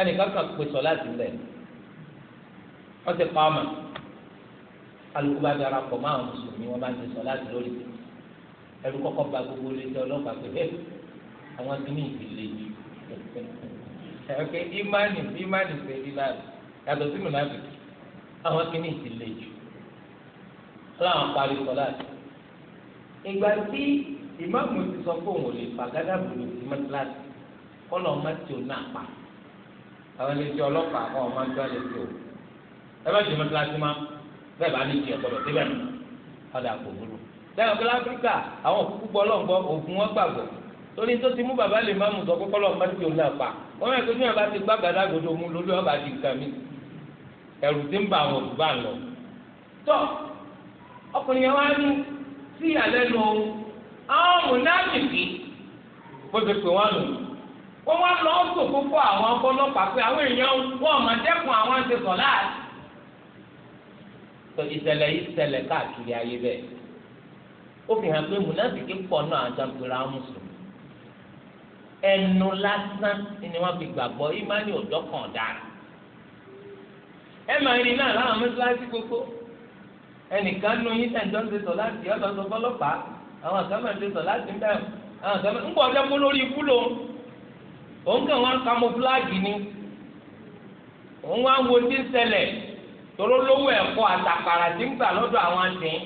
Speaker 1: ẹnì kan kan pè sọ́lá àti lẹ̀ wọ́n ti pa ọmọ alùpùpù adarapọ̀ máa ń sùn ní wọ́n bá ń ti sọ́lá àti lórí ti ẹrú kọ́kọ́ ba gbogbo létí ọlọ́pàá pé ẹ àwọn kìíní ìfìlẹ yìí ẹkẹ ìmánì ìmánì ṣe rí láàbù yàtọ̀ sí mìíràn àwọn kìíní ìfìlẹ jù ọlọ́run parí sọlá ìgbà tí ìmáàmù ti sọ pé òun ò lè fà gádà bùrù sí mẹtíláàsì kọlọ mẹtì ò náà pa àwọn ilé iṣẹ́ ọlọ́pàá kọ ọmọ ẹgbẹ́ rẹ o ẹ bá ti mẹtíláàsì má bẹ́ẹ̀ bá ní ìjìyà gbọ́dọ̀ síbẹ̀ ọdà kò burú dáhùn pé láfíríkà àwọn òkú gbọ́ lọ́ngbọ́ ògùn wọn gbàgbọ́ torí tó ti mú bàbá lè má mú sọ pé kọ́lọ́ ọmọdé tó lè pa wọ́n mẹ́rin tó ní ọba ti gbá gbàdágodo mu lórí ọba di nǹkan mi ẹ̀rù ti ń bà àwọn òkú bá ń lọ. tọ́ ọkùnrin yẹn wá ní sí ìyàlẹ́nu ohun àwọn mùnáfìkì bó ti pè wọ́n nù wọ́n wá lọ sòkò fún àwọn ọlọ́pàá pé àwọn èèyàn wọn mà dẹ́kun àwọn ti sọ̀ láàrín. ìṣẹ̀lẹ̀ yìí ṣẹlẹ̀ káàkiri ayé bẹ́ẹ̀ ó fi hàn pé mùnàfíkì pọ̀ náà àjàgbèrè àwọn ẹnu lásán ni wọ́n fi gbàgbọ́ ìmánì òdọ́kàn dára ẹ máa rí náà láwọn mọ́sálásí gbogbo ẹnìkan nu yín tẹ̀jọ́ ń ṣe sọ láti ọ̀dọ̀ sọ fọlọ́pàá àwọn kan máa ń ṣe sọ láti ń bẹ̀rù àwọn kan máa ń pọ̀ ọjọ́ lórí ikú lòun òun kàn wọ́n kamọ́fúláàgì ni òun wá ń wo tí ń ṣẹlẹ̀ toró lówó ẹ̀kọ́ àtàkàrà tí ń gbà lọ́dọ̀ àwọn àtìyìn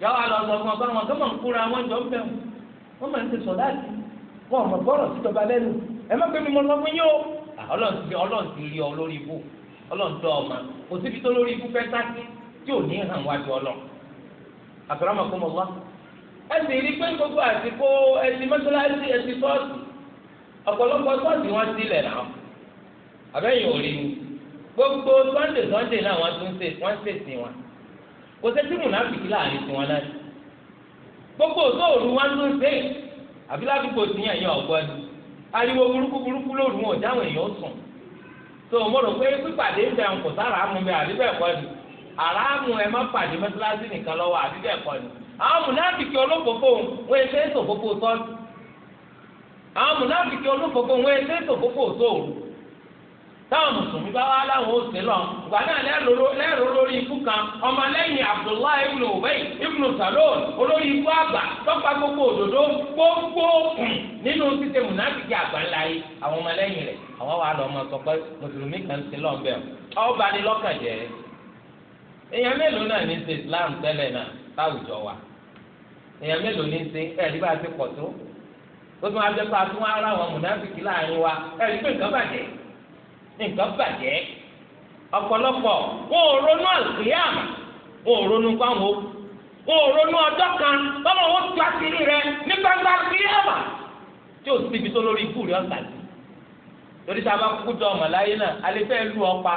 Speaker 1: yàrá lọ sọ fún ọgbọ́n wọn tó mọ̀ ń kúra wọn jọ ń bẹ̀ wọn mọ̀ ń ti sọ̀dá sí wọn mọ̀ bọ́rọ̀ síjọba lẹ́nu ẹ má pé mi mọ lọ́gbọ́n yín o ọlọ́run ti rí ọ lórí ibú ọlọ́run tọ́ ọmọ kò síbi tó lórí ibú fẹ́ sáké tí ò ní hàn wájú ọlọ́run àtàràmà kó mọ wá ẹ sì rí pé gbogbo àsìkò ẹtì mọ́sálásí ẹtì sọ́ọ̀sì ọ̀pọ̀lọpọ̀ sọ́ọ̀sì wọn sílẹ̀ náà àbẹ́yìn ò rí ni gbogbo sunday sunday náà wọ́n tún kò sẹ́sí mùnàfíkì láàrin tiwọn náà gbogbo òtóòrù wọn ló ń ṣe àbí ládùúgbò ẹ̀yìn ọ̀gbọ́n ariwo burúkú burúkú lóru wọn ò dáhùn èèyàn sùn tó o mọ̀rọ̀ pé pípàdé ń bẹ̀rù kò sára àmú bẹ́ẹ̀ àbí bẹ́ẹ̀ kọ́ ni àràmù ẹ má pàdé mẹ́tíláṣí nìkan lọ́wọ́ àbí bẹ́ẹ̀ kọ́ ni àwọn wọn àwọn wọn táwọn mùsùlùmí bá wá láwọn ó sí lọ ìgbà náà lẹ́rọ lórí ikú kan ọmọlẹ́yìn abdullahi ibn ubay ibn salon olórí ikú àgbà gbogbo òdòdó gbogbo nínú títẹ mùnàfíkì àgbà àwọn ọmọlẹ́yìn rẹ̀ àwọn wà mùsùlùmí kan bẹ́ẹ̀ ọba ni lọ́kàn jẹ́ èèyàn mélòó náà ní islam tẹ́lẹ̀ náà wa èèyàn mélòó ní nǹkan bàjẹ́ ọ̀pọ̀lọpọ̀ wọn ò ronú àlùkìyàmù wọn ò ronú gbáwọn wọn ò ronú ọjọ́ kan báwọn wọn tu àṣírí rẹ ní gbangba àlùkìyàmù tí o síbi tó lórí ikú rẹ ọ̀sà sí torí tá a bá kúkú jọ ọmọ láyé náà alẹ́ fẹ́ lù ọ pa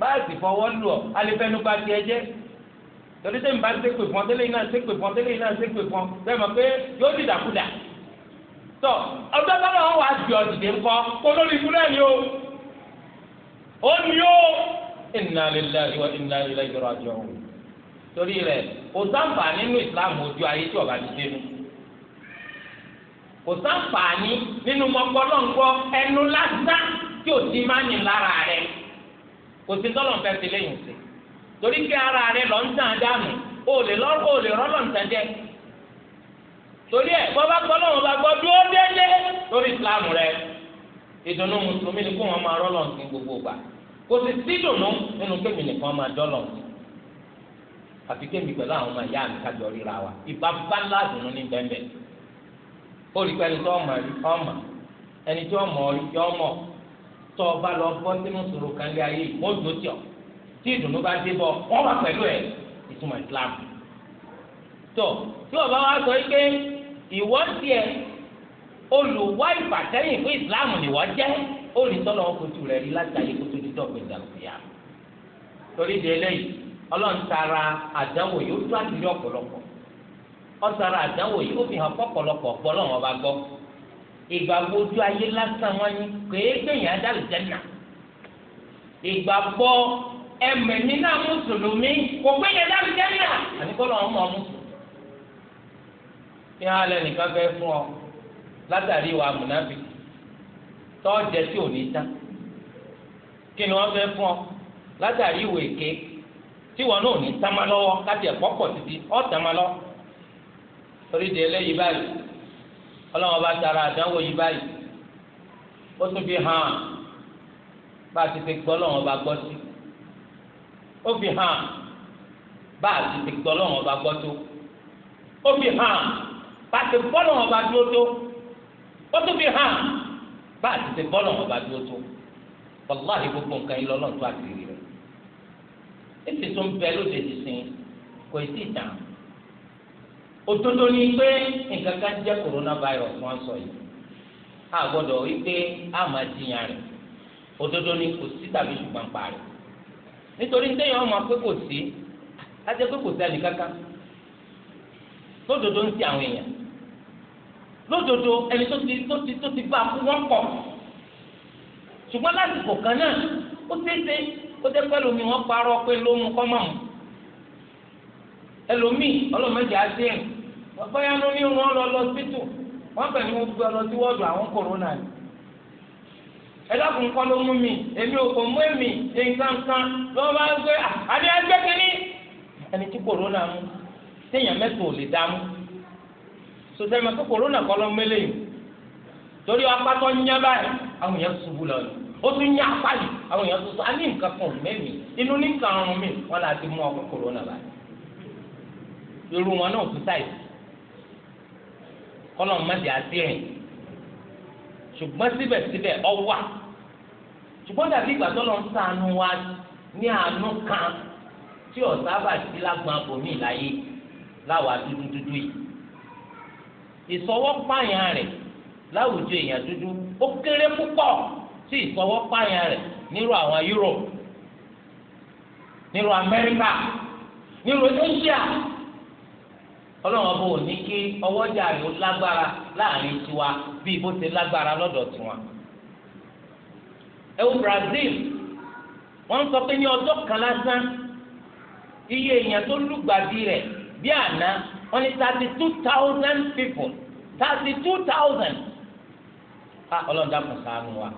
Speaker 1: báàsì fọwọ́ lù ọ alẹ́ fẹ́ nu bá tiẹ̀ jẹ́ torí sẹ́yìn bá sépè fún ọ tẹ́lẹ̀ iná sépè fún ọ tẹ́lẹ̀ iná sépè fún ọ bẹ́ẹ̀ mọ̀ pé yóò ó ní ó inna lillahi wa inna ilayhi raji'un torí rẹ̀ kò sáǹfà nínú islam ojú ayé tí ọba ti dé nu kò sáǹfààní nínú mọ́kànlọ́ǹkọ́ ẹnu lásán tí ò ti máa ní lára rẹ̀ kò sí tọ́lọ̀ fẹ́ ti lẹ́yìn sí torí kí ara rẹ̀ lọ́n tàn dànù o lè lọ́rọ́ o lè rọ́lọ́ tàn jẹ́ torí ẹ̀ bọ́bá gbọ́lọ́ wọn dúró déédéé lórí Islam rẹ̀ ìdùnnú mùsùlùmí ni kó wọn máa rọ́lọ́ sí gbogbo gbà kò sì sí dùnú nínú kémi nìkan máa dọ́lọ̀ àfi kémi pẹ̀lú àwọn ọmọ ìyá mi kájọ ríra wa ìbá bá ládùnú ní bẹ́ẹ̀ ó rí pẹ́ni tó ọmọ rí ọmọ ẹni tí ọmọ rí yọ ọmọ tó ọba lọ bọ́ sínú sòrò kan lé ayé ìmọ̀ọ́dún ó tiọ̀ tí ìdùnnú bá dé bọ̀ wọ́n wà pẹ̀lú ẹ̀ ìtumọ̀ Islam tó tí ọba wa sọ pé ìwọ tiẹ̀ olùwá ìfàsẹ́yìn fún Islam nìwọ jẹ́ olùtọ́lọ́wọ́ fojú rẹ̀ rí láti ayé tó dọ̀gbìn dàgbìyà torí di eléyìí ọlọ́run tara àdánwò yìí ó tó àtìrí ọ̀pọ̀lọpọ̀ ọ̀tara àdánwò yìí ó fi hàn pọ̀pọ̀lọpọ̀ ayé lásán wọn ni kéékèèyàn adáàlú jẹ́nà ìgbàgbọ́ ẹ̀mẹ̀ nínú mùsùlùmí kò gbẹ̀yẹ̀ jẹ́nà àníkọ́lọ́ kí wọn alẹ́ nìkan fẹ́ fún ọ látàrí ìwà kí ni wọ́n fẹ́ fún ọ látàrí ìwé èké tí wọn náà ní tama lọ́wọ́ láti ẹ̀kọ́ pọ̀ títí ọ́ tama lọ. torí di eléyìí báyìí ọlọ́wọ́n bá tara àdánwò yìí báyìí ó tún fi hàn bá a ti fi gbọ́ lọ́wọ́n bá gbọ́ sí ó fi hàn bá a ti fi gbọ́ lọ́wọ́n bá gbọ́ tó ó fi hàn bá a ti gbọ́ lọ́wọ́n bá dúró tó ó tún fi hàn bá a ti fi gbọ́ lọ́wọ́n bá dúró tó wàláhì gbogbo nǹkan yìí lọ́lọ́run tó àṣírí rẹ̀ èsì tó ń bẹ lóde sísìn kò sí ìtàn òdodo ni pé nǹkan kan jẹ́ coronavirus wọ́n sọ yìí a gbọ́dọ̀ wí pé a máa jiyàn rẹ̀ òdodo ni kò sí tàbí ṣùgbọ́n pa rẹ̀ nítorí téèyàn ọmọ pé kò sí ajẹ́ pé kò sẹ́ni kankan lódodo ń ti àwọn èèyàn lódodo ẹni tó ti tó ti tó ti bá a kú wọ́n pọ̀ ṣùgbọ́n lásìkò kan náà ó tẹ́tẹ́ ó tẹ́ pẹ́ lómi wọ́n parọ́ pé ló mu kọ́ mọ̀ mọ́ ẹlòmíì ọlọ́mọdé àti ẹ̀ bóyá ló ní wọn lọ lọ sípítù wọn pẹ̀lú wọn gbé lọ sí wọ́ọ̀dù àwọn kòrónà ni ẹ dákun kọ́ ló mú mi èmi ò kò mú èmi nǹkan lọ́wọ́ bá gbé àbí ẹgbẹ́ kínní ẹni tí kòrónà mú téèyàn mẹ́tò lè dá mú sọtẹ́ kòrónà kọ́ ló mẹ́lẹ̀ torí apátọ́ ń yá báyìí àwọn èèyàn ṣubú lọ ó tún yá apáyì àwọn èèyàn tuntun a ní nǹkan kan mẹ́mí inú ní nǹkan ọrùn mi wọn là ti mú ọkọ kòrónà báyìí irú wọn náà kú táyì kọlọ́n má di àti ẹ̀yìn ṣùgbọ́n síbẹ̀síbẹ̀ ọwà ṣùgbọ́n dàbí ìgbà tó lọ ń sànù wa ní àánú kan tí ọ̀sábà sí lágbọn abòmí láyé láwa dúdú dúdú yìí ìsọwọ́ pààyàn rẹ̀ láwùjọ èèyàn dúdú ó kéré púpọ̀ tí ìfọwọ́pààyàn rẹ̀ nírú àwọn Europe nírú Amẹ́ríkà nírú Asia ọlọ́run ọba ò ní kí ọwọ́jà rẹ̀ ó lágbára láàrin tiwa bí bó ṣe lágbára lọ́dọ̀ tiwọn. ẹ wo Brazil wọ́n sọ pé ní ọjọ́ kan lásán iye èèyàn tó lùgbàdì rẹ̀ bí àná wọ́n ní thirty two thousand people thirty two thousand. ká ah, ọlọ́run dákun ṣàánú wa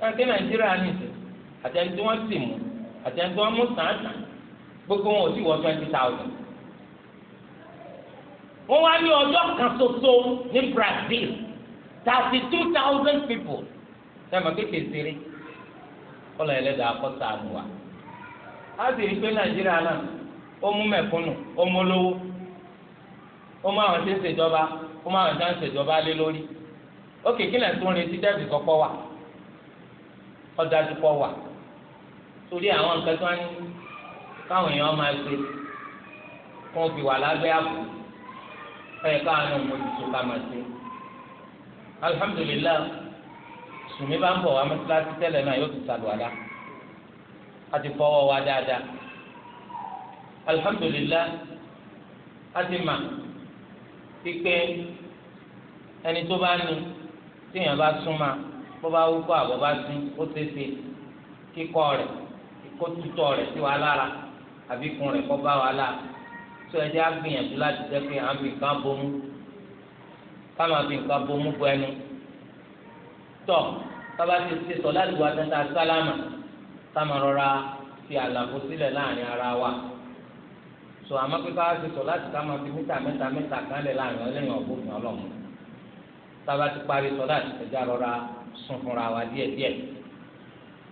Speaker 1: wọn ké nàìjíríà ní ìsìn àtẹni tí wọn sì mú àtẹni tí wọn mú sàǹsàn gbogbo wọn ò sì wọ twenty thousand. wọn wá ní ọjọ́ kan ṣoṣo ní Brazil thirty two thousand people sẹ́mi kékeré ṣeré kọ́lọ̀ ẹlẹ́dàá akọ́sà àánú wa. a sì rí i pé nàìjíríà náà ó mú mẹ̀kúnnù ó mú lówó ó mú àwọn tí ń ṣèjọba ó mú àwọn tí ń ṣèjọba lé lórí ó kìkì náà tún retí dẹ́bì kọ́kọ́ wà ọ̀dájú pọ̀ wà torí àwọn nǹkan tí wọ́n ní káwọn èèyàn máa ṣe kó fi wà lábẹ́ àpò ẹ̀ káwọn náà mo ti so ká máa ṣe. alihamudulilayi sùnmi bá ń bọ̀ wá mọ́tíláṣí tẹ́lẹ̀ náà yóò ti sàlùwàlá a ti fọwọ́ wa dáadáa alihamudulilayi a ti mà pípé ẹni tó bá ní tíyẹn bá súnmọ́ a bọ́ba wúkọ́ àbọ̀bá sí ó tẹ̀sẹ̀ kíkọ́ rẹ̀ kó tutọ́ rẹ̀ sí wa lára àbí kun rẹ̀ kọ́ bá wa lára tó ẹ jẹ́ àgbìyànjú láti jẹ́ pé à ń fi nǹkan bomú ká máa fi nǹkan bomú bu ẹnu tọ́ tába ti ṣe sọ láti wá tẹ́tà sálámà ká rọra fi àlàfo sílẹ̀ láàrin ara wa sọ àmọ́ pé ká ṣe sọ láti ká fi mítà mẹ́ta mẹ́ta kan lẹ̀ láàrin ọlẹ́yìn ọ̀gbọ́n ọlọ́run tába ti parí sọ láti ẹ̀já rọra sùn fúnra wa díẹ̀díẹ̀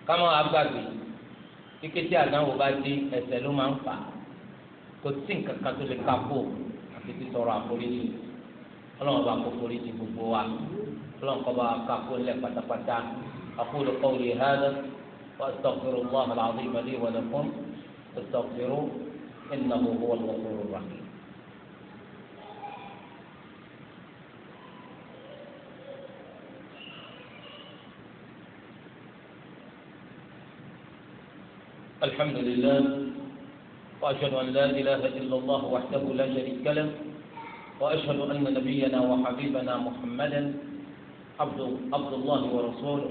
Speaker 1: kámọ agbàgbé kíkétí àdánwò bá dé ẹ̀ṣẹ̀ ló máa ń fà kò sí nǹkan kan tó lè kápò àti títọrọ àforíjì ọlọ́run bá kó foríjì gbogbo wa ọlọ́run kọ́ bá kápò ńlẹ̀ pátápátá aqulu qawli hadha wa astaghfirullaha al-azim li wa lakum fastaghfiruhu innahu huwal ghafurur الحمد لله وأشهد أن لا إله إلا الله وحده لا شريك له وأشهد أن نبينا وحبيبنا محمدا عبد, عبد الله ورسوله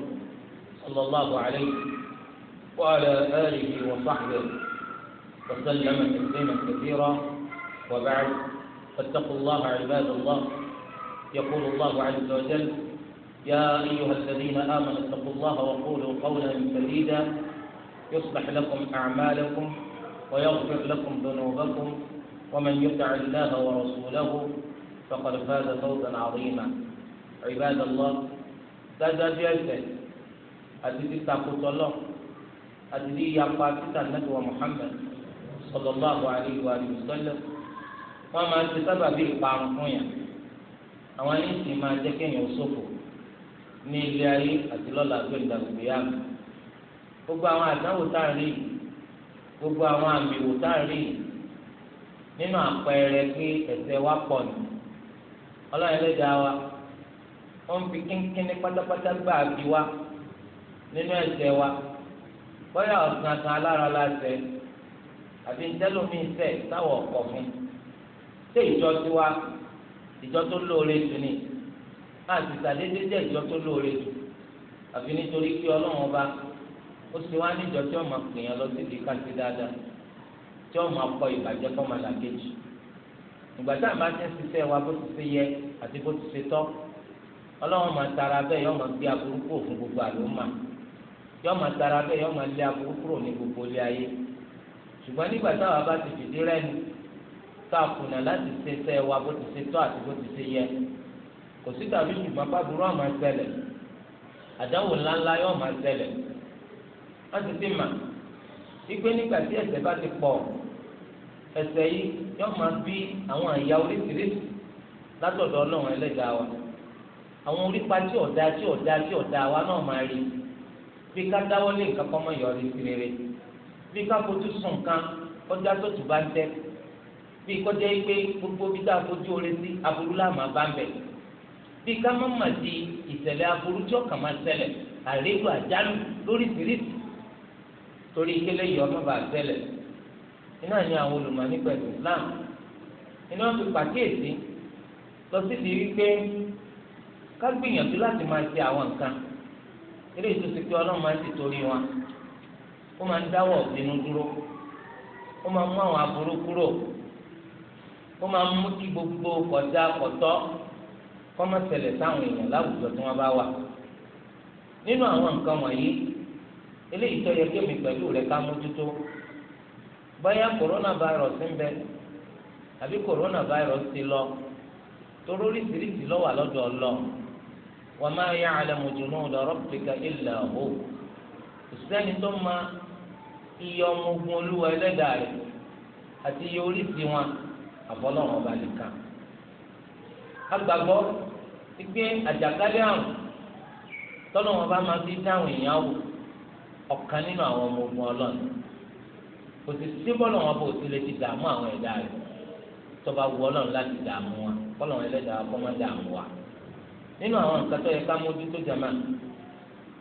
Speaker 1: صلى الله عليه وعلى آله وصحبه وسلم تسليما كثيرا وبعد فاتقوا الله عباد الله يقول الله عز وجل يا أيها الذين آمنوا اتقوا الله وقولوا قولا سديدا يصلح لكم أعمالكم ويغفر لكم ذنوبكم ومن يطع الله ورسوله فقد فاز فوزا عظيما عباد الله dájúdájú ẹ̀ṣẹ̀ àti títa kutọlọ àti tí yapa títa nàbí wa Muhammad sallallahu alayhi wa sallam wọn máa ti sábà bí ìparun fún yàn àwọn ẹni sì máa jẹ kéèyàn ṣòfò ní ilé ayé àti lọ́la gbẹ̀dàgbé yàrá. gbogbo àwọn àdánwò tá a rí gbogbo àwọn tá a rí nínú àpẹẹrẹ pé wa pọ̀ ní Ọlọ́run wa ó ń fi kínkínní pátápátá gbà bí wa nínú ẹ̀ṣẹ̀ wa bóyá ọ̀sán kan alára la ṣẹ̀ àbí ntẹ́lómi ṣẹ̀ fún ṣé ìjọ ni láti jẹ́ ìjọ tó lóore jù nítorí kí ọba. ó sì wá níjọ tí ọmọ pèèyàn lọ sí ibi káṣí dáadáa tí ọmọ akọ ìbàjẹ́ kọ́ làkejì ìgbà tá à bá ṣiṣẹ́ wa bó ti ṣe yẹ àti bó ti ṣe tọ́ ọlọ́wọ́n máa tara bẹ́ẹ̀ ya máa gbé aburú kúrò fún gbogbo àlòmà yọ máa tara bẹ́ẹ̀ ya máa lé aburú kúrò gbogbo ilé ayé ṣùgbọ́n nígbà bá ti fìdí rẹ́nu tá a kùnà láti wa bó ti ṣe tọ́ àti bó ti ṣe yẹ kò sí tàbí ṣùgbọ́n pàbùrọ̀ wọ́n ti fi mà wípé nígbà tí ẹ̀ṣẹ̀ bá ti pọ̀ ẹ̀ṣẹ̀ yìí yóò máa bí àwọn àyà oríṣiríṣi látọ̀dọ̀ ọlọ́run ẹlẹ́dàá wa àwọn orípa tí ọ̀dà tí ọ̀dà tí ọ̀dà wa náà máa rí bí ká dáwọ́lé nǹkan kọ́ mọ́ yọrí sí rere bí ká fojú sùn kan kọjá tó tù bá ń tẹ́ bí kọjá yìí pé gbogbo bí tá a fojú oore sí aburú láàmú abáńbẹ̀ bí ká má mà di ìṣẹ̀lẹ̀ aburú tí ọkàn máa ṣẹlẹ̀ àrégbò àjálù lóríṣiríṣi torí ikele yìí ọmọ bá tẹ́lẹ̀ iná ni àwọn olùmọ̀ nípa Islam iná fi pàkíyèsí lọ sí ti wípé ká gbìyànjú láti máa ṣe àwọn nǹkan eré ìtòsí pé ọlọ́run máa ń ti torí wọn ó máa ń dáwọ́ ọ̀bínú dúró ó máa ń mú àwọn aburú gbogbo kọjá kọtọ sáwọn èèyàn láwùjọ tí wọ́n bá eléyìí tó yẹ kí èmi pẹ̀lú rẹ̀ ká mójútó Abi corona virus ń bẹ àbí corona virus ti lọ toróríṣiríṣi lọ́wọ́ àlọ́dọ̀ lọ wa ma ya'lamu junuda rabbika illa hu òṣìṣẹ́ni tó ma iye ọmọ ogun olúwa ẹlẹ́dàá rẹ̀ àti iye oríṣi wọn àfọlọ́wọn ọba nìkan agbàgbọ́ ti gbé àjàkálẹ̀ àrùn tọ́lọ́wọn bá máa fi dáhùn ìyàwó. ọ̀kan nínú àwọn ọmọ ogun ọlọ́run kò sì sí bọ́lọ̀ wọn bó ti lè ti dààmú àwọn ẹ̀dá rẹ̀ tọba wu ọlọ́run láti dààmú wa kọ́lọ̀ wọn ẹlẹ́dàá kọ́ má dààmú wa nínú àwọn nǹkan tó yẹ ká mójútó jama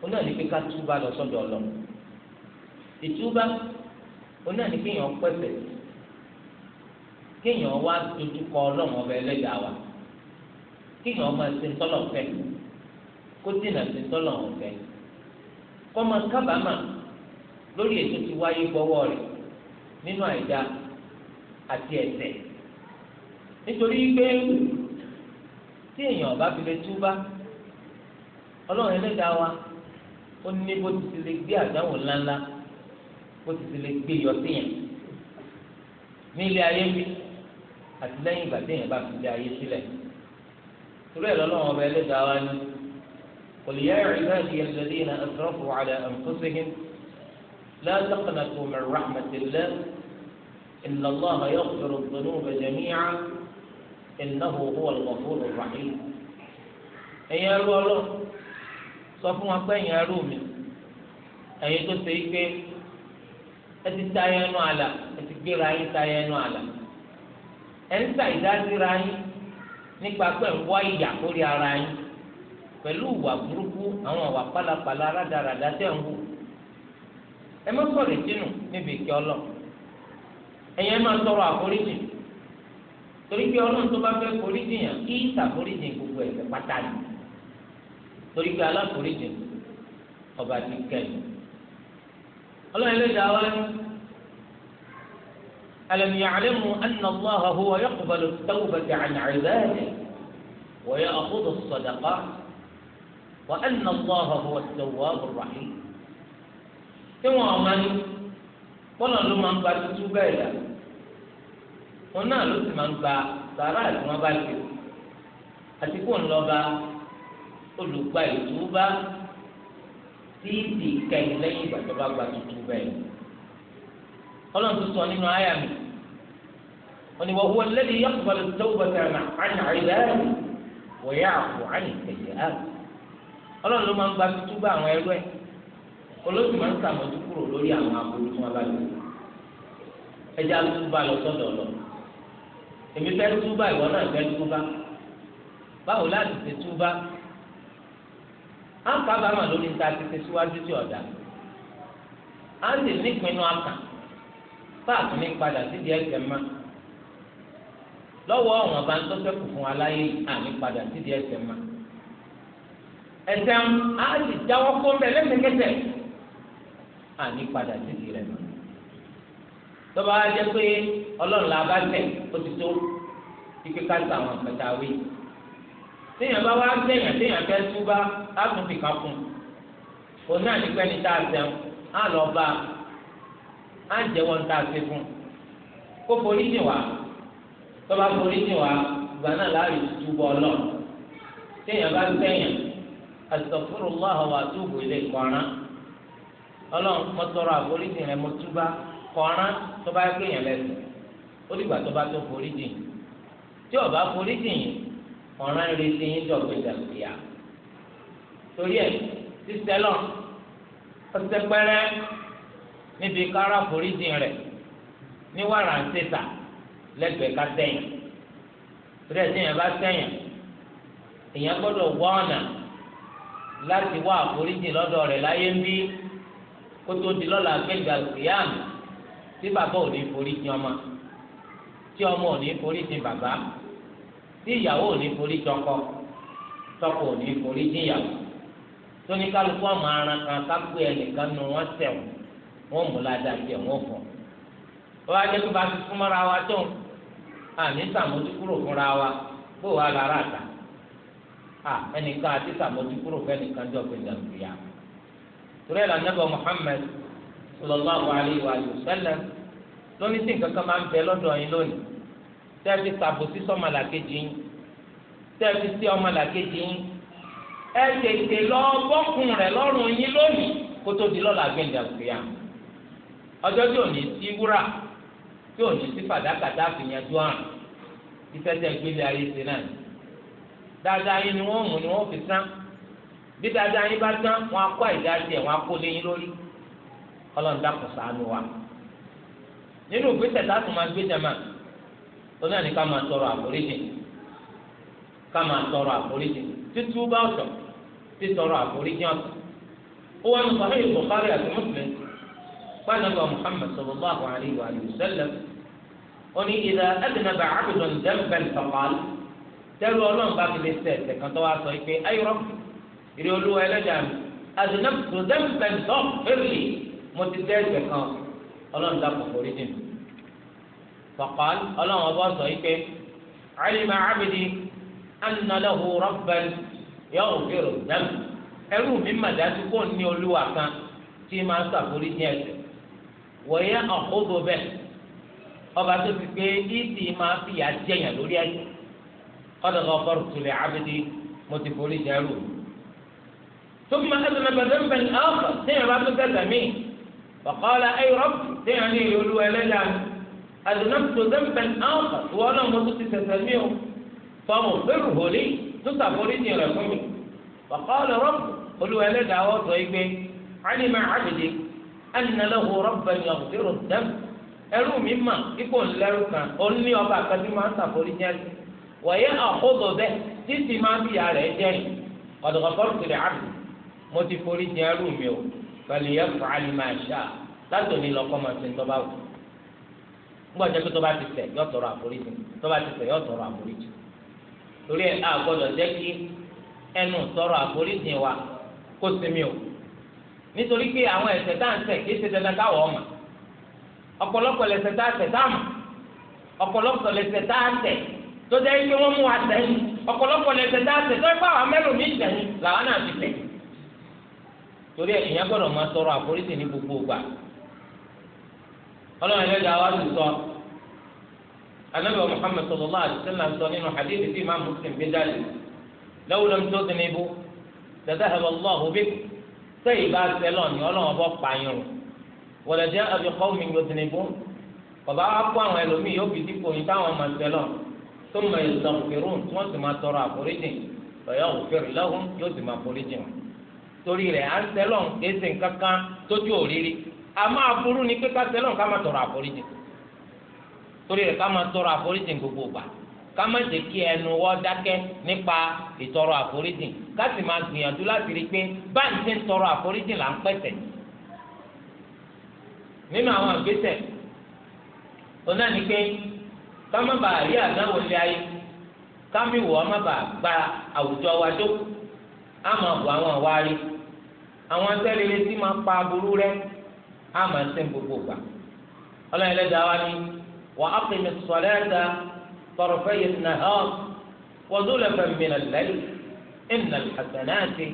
Speaker 1: ó náà ní pé ká túbà lọ sọ́dọ̀ ọlọ́run ìtúbà ó náà ní kéèyàn pẹ̀sẹ̀ kéèyàn wá dojú kọ ọlọ́run ọba ẹlẹ́dàá wa kéèyàn máa ṣe tọ́lọ̀ fẹ́ kó dènà ṣe tọ́lọ̀ fẹ́ kọ́mọ kábàámà lórí ètò ti wáyé gbọ́wọ́ rẹ̀ nínú àìdá àti ẹ̀ṣẹ̀ nítorí pé tí èèyàn bá fi lè túbá ọlọ́run ẹlẹ́dàá wa ó ní bó ti ti lè gbé àdáwò ńláńlá bó ti ti lè gbé yọ síyàn ní ilé ayé mi àti ìgbà téèyàn bá fi ilé ayé sílẹ̀ torí ẹ̀ lọ́lọ́run ọba ẹlẹ́dàá wa ni. قل يا عبادي الذين أسرفوا على أنفسهم لا تقنطوا من رحمة الله إن الله يغفر الذنوب جميعا إنه هو الغفور الرحيم ẹ̀yin arú ọlọ́ sọ fún wa pé ẹ̀yin arú mi ẹ̀yin tó ṣe é pé ẹ ti ta ẹnu àlà ẹ ti gbéra yín ta ẹnu àlà ẹ̀ ń ta ìdásíra yín nípa pé ń wá ìyà kórè ara yín. pẹ̀lú ìwà burúkú àwọn ìwà pálapàla rádaràdá tẹ̀ ń wò ẹ má sọ̀rọ̀ ìdínú níbi ìkẹ́ ọlọ́ ẹ̀yin ẹ máa tọrọ àforíjì torí pé ọlọ́run tó bá fẹ́ foríjì yàn kí ìtàforíjì gbogbo ẹ̀ṣẹ̀ pátá ni torí pé aláforíjì ọba ti kẹ́yìn ọlọ́run ẹlẹ́dàá wá ní. ألم يعلموا أن الله هو يقبل التوبة عن عباده ويأخذ الصدقات wa anna Allaha huwa at-tawwabur rahim tí wọn ọmọ ní bọ́lá ló máa ń gba tútú bẹ́ẹ̀ yà wọn náà ló sì máa ń gba sàrà àti wọn bá lè àti kó ń lọ bá olùgbà ìtúbà tí ìdì kẹyìn lẹ́yìn ìgbà tó bá gba tútú bẹ́ẹ̀ ọlọ́run tó sọ nínú àyà mi wọn ni wọ́n huwa alladhi yaqbalu at-tawbata 'an 'ibadihi wa ya'fu 'an as-sayyi'at ọlọ́run ló máa ń gba túbà àwọn ẹrú ẹ̀ olóṣù máa ń sàmójú kúrò lórí àwọn aburú tí wọ́n bá lò ẹja túbà lọ sọ́dọ̀ lọ èmi fẹ́ túbà ìwọ náà fẹ́ túbà báwo láti ṣe túbà á ń kábàámà lórí ta ti ṣe síwájú tí ọ̀dà á sì nípinnu akàn fáàtì ní padà sídìí ẹsẹ̀ máa lọ́wọ́ ọ̀wọ́n bá ń tọ́sẹ̀kù fún aláyé àní padà sídìí ẹsẹ̀ máa ẹ̀ṣẹ̀ á lè jáwọ́ kó ń bẹ̀ lẹ́sẹ̀kẹsẹ̀ àní padà títí rẹ̀ mọ́. tọ́ba á jẹ́ pé ọlọ́run la bá tẹ̀ ó ti tó ike ká ta àwọn àpẹta wí. téèyàn bá wá tẹ̀yàn téèyàn fẹ́ túbá á fi kàn fún òun náà ní pẹ́ni tá a sẹ́wọ̀n á lọ bá a á jẹ́wọ́ ń tá a ṣe fún un. kó forí jì wá tọ́ba forí jì wá ìgbà náà láàyè túbọ̀ ọlọ́run téèyàn bá tẹ̀yàn astaghfirullah wa atubu ilayhi kọ́ran ọlọ́run mo tọrọ àforíjì rẹ mo túbá kọ́ran tó bá gbé yẹn lẹ́sẹ̀ ó dìgbà tó bá tó foríjì tí ọba foríjì yìí ọ̀ràn retí yín dọ̀gbìn dàgbìyà torí ẹ̀ sísẹ́lọ̀ ọ̀sẹ̀pẹ̀rẹ̀ níbi kára foríjì rẹ̀ ní wàrà ń lẹ́gbẹ̀ẹ́ ká sẹ́yìn torí ẹ̀ sẹ́yìn bá sẹ́yìn èèyàn gbọ́dọ̀ wá ọ̀nà láti wá àforíjì lọ́dọ̀ rẹ̀ láyé ń bí kótó di lọ́la gbẹ̀gbẹ̀ àlùkìyàm tí bàbá ò ní foríjì ọmọ tí ọmọ ò ní foríjì bàbá tí ìyàwó ò ní foríjì ọkọ tọkọ ò ní foríjì ìyàwó tóní kálukú ọmọ aran kan kápẹ́ ẹnìkan nu wọ́n tẹ̀wọ̀n wọ́n mú ládàá tiẹ̀ wọ́n fọ̀ wọ́n adé kó bá ti súnmọ́ra wa tó àmì sàmójúkúrò fúnra wa bó wàá lára àtàkùn. ẹnìkan àti sàmójúkúrò fẹ́nìkan jọ pé dàmìlíà torí ẹ̀ lànà bọ̀ Muhammad sallallahu alayhi wa lónìí tí nǹkan kan máa ń bẹ lọ́dọ̀ yín lónìí tẹ́ ẹ ti yín tẹ́ ẹ ti sí ọmọlàkejì yín ẹ tètè lọ bọ́kùn rẹ̀ lọ́rùn yín lónìí kó tó di lọ́la ọjọ́ tí ò ní sí wúrà tí ò ní sí fàdákàtà àfìyànjú àrùn ìfẹ́ gbélé ayé náà dáadáa yín ni wọ́n mú ni wọ́n fi tán bí dáadáa yín bá tán wọ́n akọ àìdáàdì ẹ̀ wọ́n akọ léyìn lórí ọlọ́run dákun ṣàánú wa nínú ìgbésẹ̀ láti máa gbé jàmá tó náà ní ká máa tọrọ àforíjì ká máa tọrọ àforíjì títú bá ọ̀tọ̀ títọrọ àforíjì ọ̀tọ̀ ó wà ní Sahih Bukhari àti Muslim pàdánù Muhammad sallallahu alayhi wa sallam ó ní idha adnaba 'abdun dhanban tẹ́lu ọlọ́run bá fi lè sẹ̀ ẹ̀sẹ̀ kan tó wá sọ pé ayọ̀rọ̀ ìrì olúwa ẹlẹ́dàá mi àdùnnàbùtò dẹ́mpẹ̀ntọ́ fẹ́rẹ̀lì mo ti dẹ́ ẹ̀sẹ̀ kan ọlọ́run dà pọ̀ forí dìnnà. فقال الله أبوه صحيح علم عبدي أن له ربا يغفر الذنب ẹrú mi mà dájú kó ní olúwa kan tí máa ń ṣàforí ní ẹ̀ṣẹ̀ wòye ọkọọdọ bẹ́ẹ̀ ọba tó ti pé ìdí máa fìyà jẹyàn lórí ẹ̀ṣẹ̀ قد غفرت لعبدي متفولي جارو ثم أذن بذنب آخر تيم باب ذنبي فقال أي رب تيم يقول ولدا أذنبت ذنبا آخر وأنا مدت تسميه فاغفره لي تسافرني رسمي فقال رب قل ولدا وصيبي علم عبدي أن له ربا يغفر الذنب ẹrú mi يكون ipò أني kan ó ní wọ̀nyẹ àkóso bẹ́ẹ̀ títí máa bí ara ẹ jẹ́ yìí ọ̀dọ̀kọ̀ fọ́ọ̀mù tẹ̀lé àmì mo ti forí jẹ ẹrú mi o pẹ̀lú yẹ fún ali máa ṣá látòní lọ́kọ́ máa ṣe tọ́ba wù ńgbọ́n jẹ́ pé tọ́ba ti tẹ̀ yọ tọrọ àforíjì tọ́ba ti tẹ̀ yọ tọrọ àforíjì torí ẹ̀ á gbọ́dọ̀ jẹ́ kí ẹnu tọrọ àforíjì wa kó sinmi o nítorí pé àwọn ẹ̀ṣẹ̀ tá ń ṣẹ̀ kì í ṣe dandan káwọ̀ ọ̀mà ọ̀pọ̀lọpọ̀ lẹ̀ṣẹ̀ tá ń ṣẹ̀ tá ọ̀pọ̀lọpọ̀ lẹ̀ṣẹ̀ tá ń ṣẹ̀ tó jẹ́ ike wọ́n mú wa sẹ́yìn ọ̀pọ̀lọpọ̀ lẹ́sẹ̀ tá a sẹ̀ tó ẹgbẹ́ àwọn mẹ́rin mi sẹ́yìn làwọn náà ti tẹ̀. torí ẹ̀ ìyẹn gbọ́dọ̀ máa tọrọ àforíjì ní gbogbo ìgbà ọlọ́run ẹlẹ́dàá wa ti sọ anabi wa muhammed sallallahu alaihi wa sallam sọ nínú hadithi tí imaamu muslim gbé jáde lẹ́wọ́n lọ́mú tó dín ibú dada haba allahu bi sẹ́yìn bá sẹ́lọ̀ ni ọlọ́run bọ́ thumma yastaghfirun tí wọ́n sì máa tọrọ àforíjì lọ́yọ̀ òfin lọ́hùn yóò sì máa foríjì wọn. torí rẹ̀ à ń sẹ́lọ̀n kéésì kankan tójú òrírí a máa burú ni pé ká sẹ́lọ̀n ká máa tọrọ àforíjì torí rẹ̀ ká máa tọrọ àforíjì gbogbo gbà ká má jẹ́ kí ẹnu wọ́ dákẹ́ nípa ìtọrọ àforíjì ká sì máa gbìyànjú láti rí i pé báyìí ṣe ń tọrọ àforíjì là ń pẹ̀sẹ̀ nínú àwọn àgbésẹ̀ òun náà ni pé ká má bàa rí àdáwọ̀ lé ayé ká mi wọ̀ ọ́ má bàa gba àwùjọ wa tó á máa wọ àwọn àwárí àwọn asẹ́lẹ̀lẹ̀ tí máa pa aburú rẹ á máa ṣe gbogbo gbà ọlọ́run ẹlẹ́dàá wa ni wà á pè mí sọ̀rọ̀ ẹ̀dá tọrọfẹ́ yìí nà hàn wọ́n tó lè fẹ́ mi lẹ́yìn ìnà àtẹnáàtì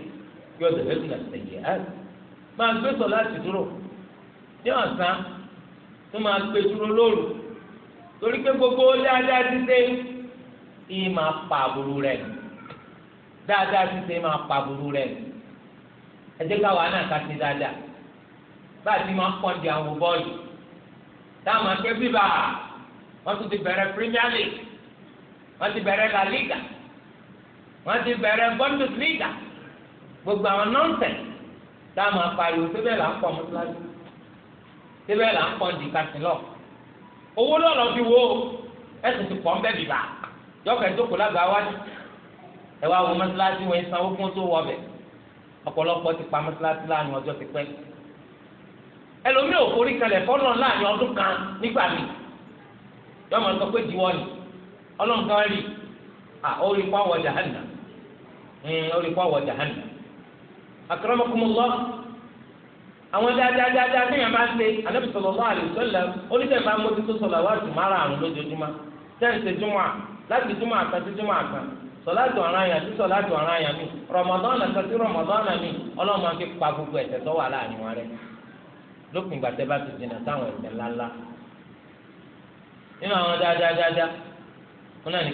Speaker 1: yóò dẹ̀bẹ̀ nà sẹ̀yẹ̀ ẹ̀ máa gbé sọ láti dúró ní ọ̀sán tó máa gbé dúró lóru torí pé gbogbo dáadáa títẹ yìí máa pa àbúrú rẹ dáadáa títẹ máa pa àbúrú rẹ ẹ jẹ́ káwa náà ká ti dáadáa bá a ti máa pọ̀ di àwọn bọ́ọ̀lù táwọn akẹ́ bíbà wọ́n tún ti bẹ̀rẹ̀ Premier League wọ́n ti bẹ̀rẹ̀ La Liga wọ́n ti bẹ̀rẹ̀ Bundesliga gbogbo àwọn nọ́ńsẹ̀nsì táwọn apariwo síbẹ̀ là ń pọ̀ mọ́tíláṣí síbẹ̀ là ń pọ̀ di kásìlọ́ọ̀. owó lọ́lọ́ fi wo ẹ̀sùn ti pọ̀ ń bẹ́ bìbà jọ́kẹ́ jókòó lágbàá wájú ẹ wá wo mọ́sálásí wọn ìsanwó fún tó wọ ọbẹ̀ ọ̀pọ̀lọpọ̀ ti pa mọ́sálásí láàrin ọjọ́ ti pẹ́ ẹlòmíì ò kalẹ̀ fọ́nà láàrin ọdún kan nígbà míì yọmọ sọ pé ni ọlọ́run kan rí à jahanna àwọn dáadáa tí yẹn bá ṣe anabi sallallahu alaihi wasallam oníṣẹ́ bá mójútó sọlọ wá ju mara àrùn lójoojúmọ́ tẹ́ǹsì júmọ́ láti júmọ́ àkàn sí júmọ́ àkàn sọláàtù ọ̀ràn àyàn sí sọláàtù ọ̀ràn àyàn mi rọmọdọ́nà kan sí rọmọdọ́nà mi ọlọ́run máa fi pa gbogbo ẹ̀ṣẹ̀ tó wà láàrin wọn rẹ lópin ìgbà tẹ́ bá ti dènà sáwọn ẹ̀ṣẹ̀ ńláńlá nínú àwọn dáadáa wọn náà ní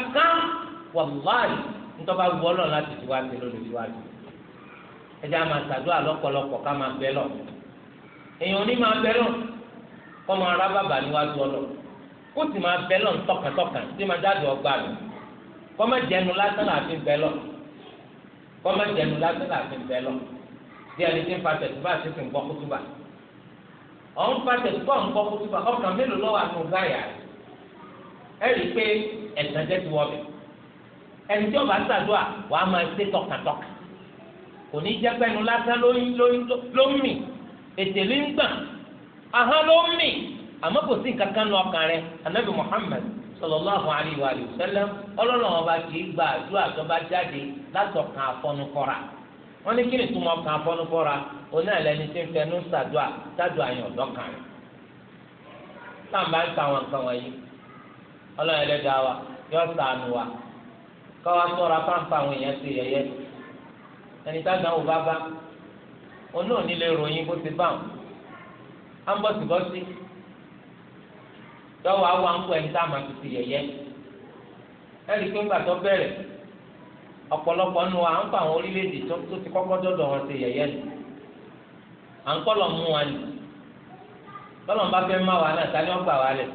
Speaker 1: ká máa wàláì ntọ́ba wù ọ́ lọ láti ti wá sí lójúwájú ẹjẹ́ a máa ṣàdúrà lọ́pọ̀lọpọ̀ ká máa bẹ́ lọ èèyàn ní máa bẹ́ lọ kọ́ máa rá bàbà níwájú ọ lọ kó sì máa bẹ́ lọ tọkàntọkàn tí máa jáde ọgbà rẹ̀ kọ́ máa jẹnu lásán láàfin bẹ́ lọ kọ́ máa jẹnu lásán láàfin bẹ́ lọ bí ẹni tí ń fa tẹ̀síbà sí fi gbọ́ kútúbà ọ̀hún fa tẹ̀síbà ń gbọ́ kútúbà ọkàn mélòó lọ́wọ́ àtúngáyà rẹ̀ ẹ̀rí pé ẹ̀sán jẹ́ ti wọ́ bẹ̀rẹ̀ ẹni tí ọba ṣàdúrà wà á máa ṣe tọkàntọkà kò ní jẹ́ pẹ́nu lásán ló ń mì ètè ló ń gbà ahọ́n ló ń mì àmọ́ kò sí nǹkan kan ọkàn anabi muhammed sallallahu ọlọ́run ọba kì í gba àdúrà tó bá jáde látọkàn afọnukọra wọn ní kí ni túmọ̀ ọkàn afọnukọra onáà lẹni tí ń fẹnu ṣàdúrà ṣàdúrà yẹn ọ̀dọ́kàn táwọn bá ń ta àwọn nǹkan wọ̀nyí ọlọ́run ẹlẹ́dàá káwa sọra pàǹpà àwọn èèyàn ṣe yẹ̀yẹ́ ẹni tágbà wò bá bá òun náà nílé ròyìn bó ti bá wọn á ń bọ̀sibọ́sí tọ́wọ́ àwọn àǹkó ẹni tá a máa ti ṣe yẹ̀yẹ́ ẹni pé ńgbà tó bẹ̀rẹ̀ ọ̀pọ̀lọpọ̀ nu wa à ń pa àwọn orílẹ̀-èdè tó ti kọ́kọ́ dọ́dọ̀ wọn ṣe yẹ̀yẹ́ ni à ń kọ́ lọ mú wa ni tọ́lọ́mùbá fẹ́ má wa náà ta ni wa lẹ̀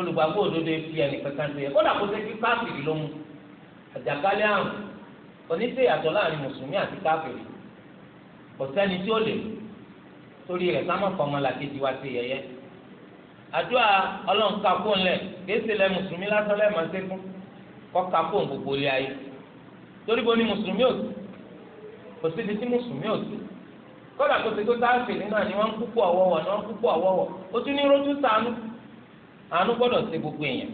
Speaker 1: olùgbàgbọ́ òdodo fi ẹnìkan kan ṣe yẹ kódà kó ṣe kí káfìrí ló mú àjàkálẹ̀ àrùn oníṣẹ́ ìyàtọ̀ láàrin mùsùlùmí àti káfìrí kò sẹ́ni tí ó lè torí rẹ̀ sámọ̀ fọmọ làkejì wa ṣe yẹ̀yẹ́ àdúrà ọlọ́run kakó ńlẹ̀ kéésì lẹ mùsùlùmí lásán lẹ́ẹ̀mọ́ sẹ́kún kọ́ kakó gbogbo ilé ayé torí bo ni mùsùlùmí ò sí kò síbi tí mùsùlùmí ò sí kódà kó ṣe kó káfìrí náà ni wọ́n ń kúkú àánú gbọdọ sí gbogbo èèyàn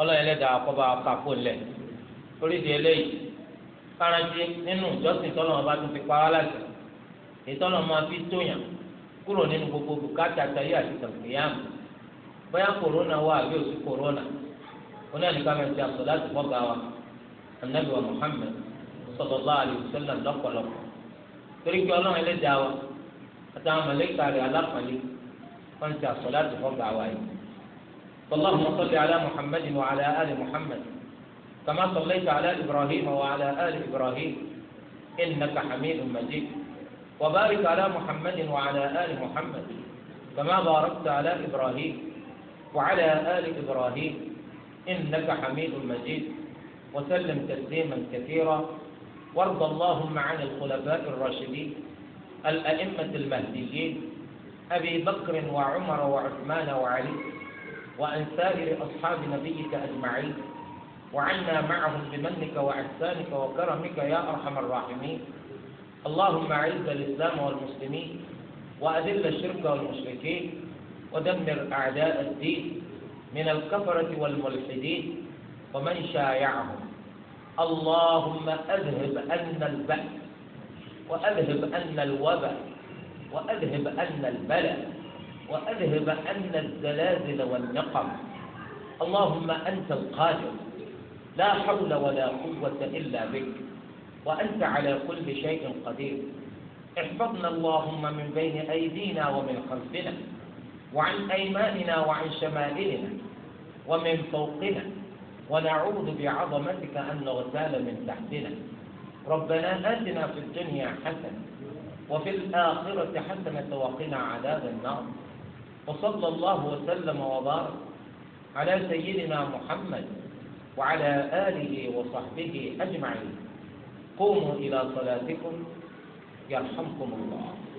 Speaker 1: ọlọ́run ẹlẹ́dàá akọ́bá kakó lẹ̀ torí di eléyìí kárànjì nínú ìjọsìn tọ́lọ́mọ bá tún fi pa wá láti ìtọ́lọ́mọ fi tóyàn kúrò nínú gbogbo bùkátà tayé àti tàkìyàmù bóyá kòrónà wà àbí òsì kòrónà oní ti àtọ̀ láti wa anabi wa àtàwọn ti láti wa فاللهم صل على محمد وعلى آل محمد كما صليت على إبراهيم وعلى آل إبراهيم إنك حميد مجيد وبارك على محمد وعلى آل محمد كما باركت على إبراهيم وعلى آل إبراهيم إنك حميد مجيد وسلم تسليما كثيرا وارض اللهم عن الخلفاء الراشدين الأئمة المهديين أبي بكر وعمر وعثمان وعلي وعن سائر أصحاب نبيك أجمعين وعنا معهم بمنك وإحسانك وكرمك يا أرحم الراحمين اللهم أعز الإسلام والمسلمين وأذل الشرك والمشركين ودمر أعداء الدين من الكفرة والملحدين ومن شايعهم اللهم أذهب أن البأس وأذهب أن الوباء وأذهب أن البلد وأذهب أن الزلازل والنقم اللهم أنت القادر لا حول ولا قوة إلا بك وأنت على كل شيء قدير احفظنا اللهم من بين أيدينا ومن خلفنا وعن أيماننا وعن شمائلنا ومن فوقنا ونعوذ بعظمتك أن نغتال من تحتنا ربنا آتنا في الدنيا حسنة وفي الآخرة حسنة وقنا عذاب النار وصلى الله وسلم وبارك على سيدنا محمد وعلى آله وصحبه أجمعين قوموا إلى صلاتكم يرحمكم الله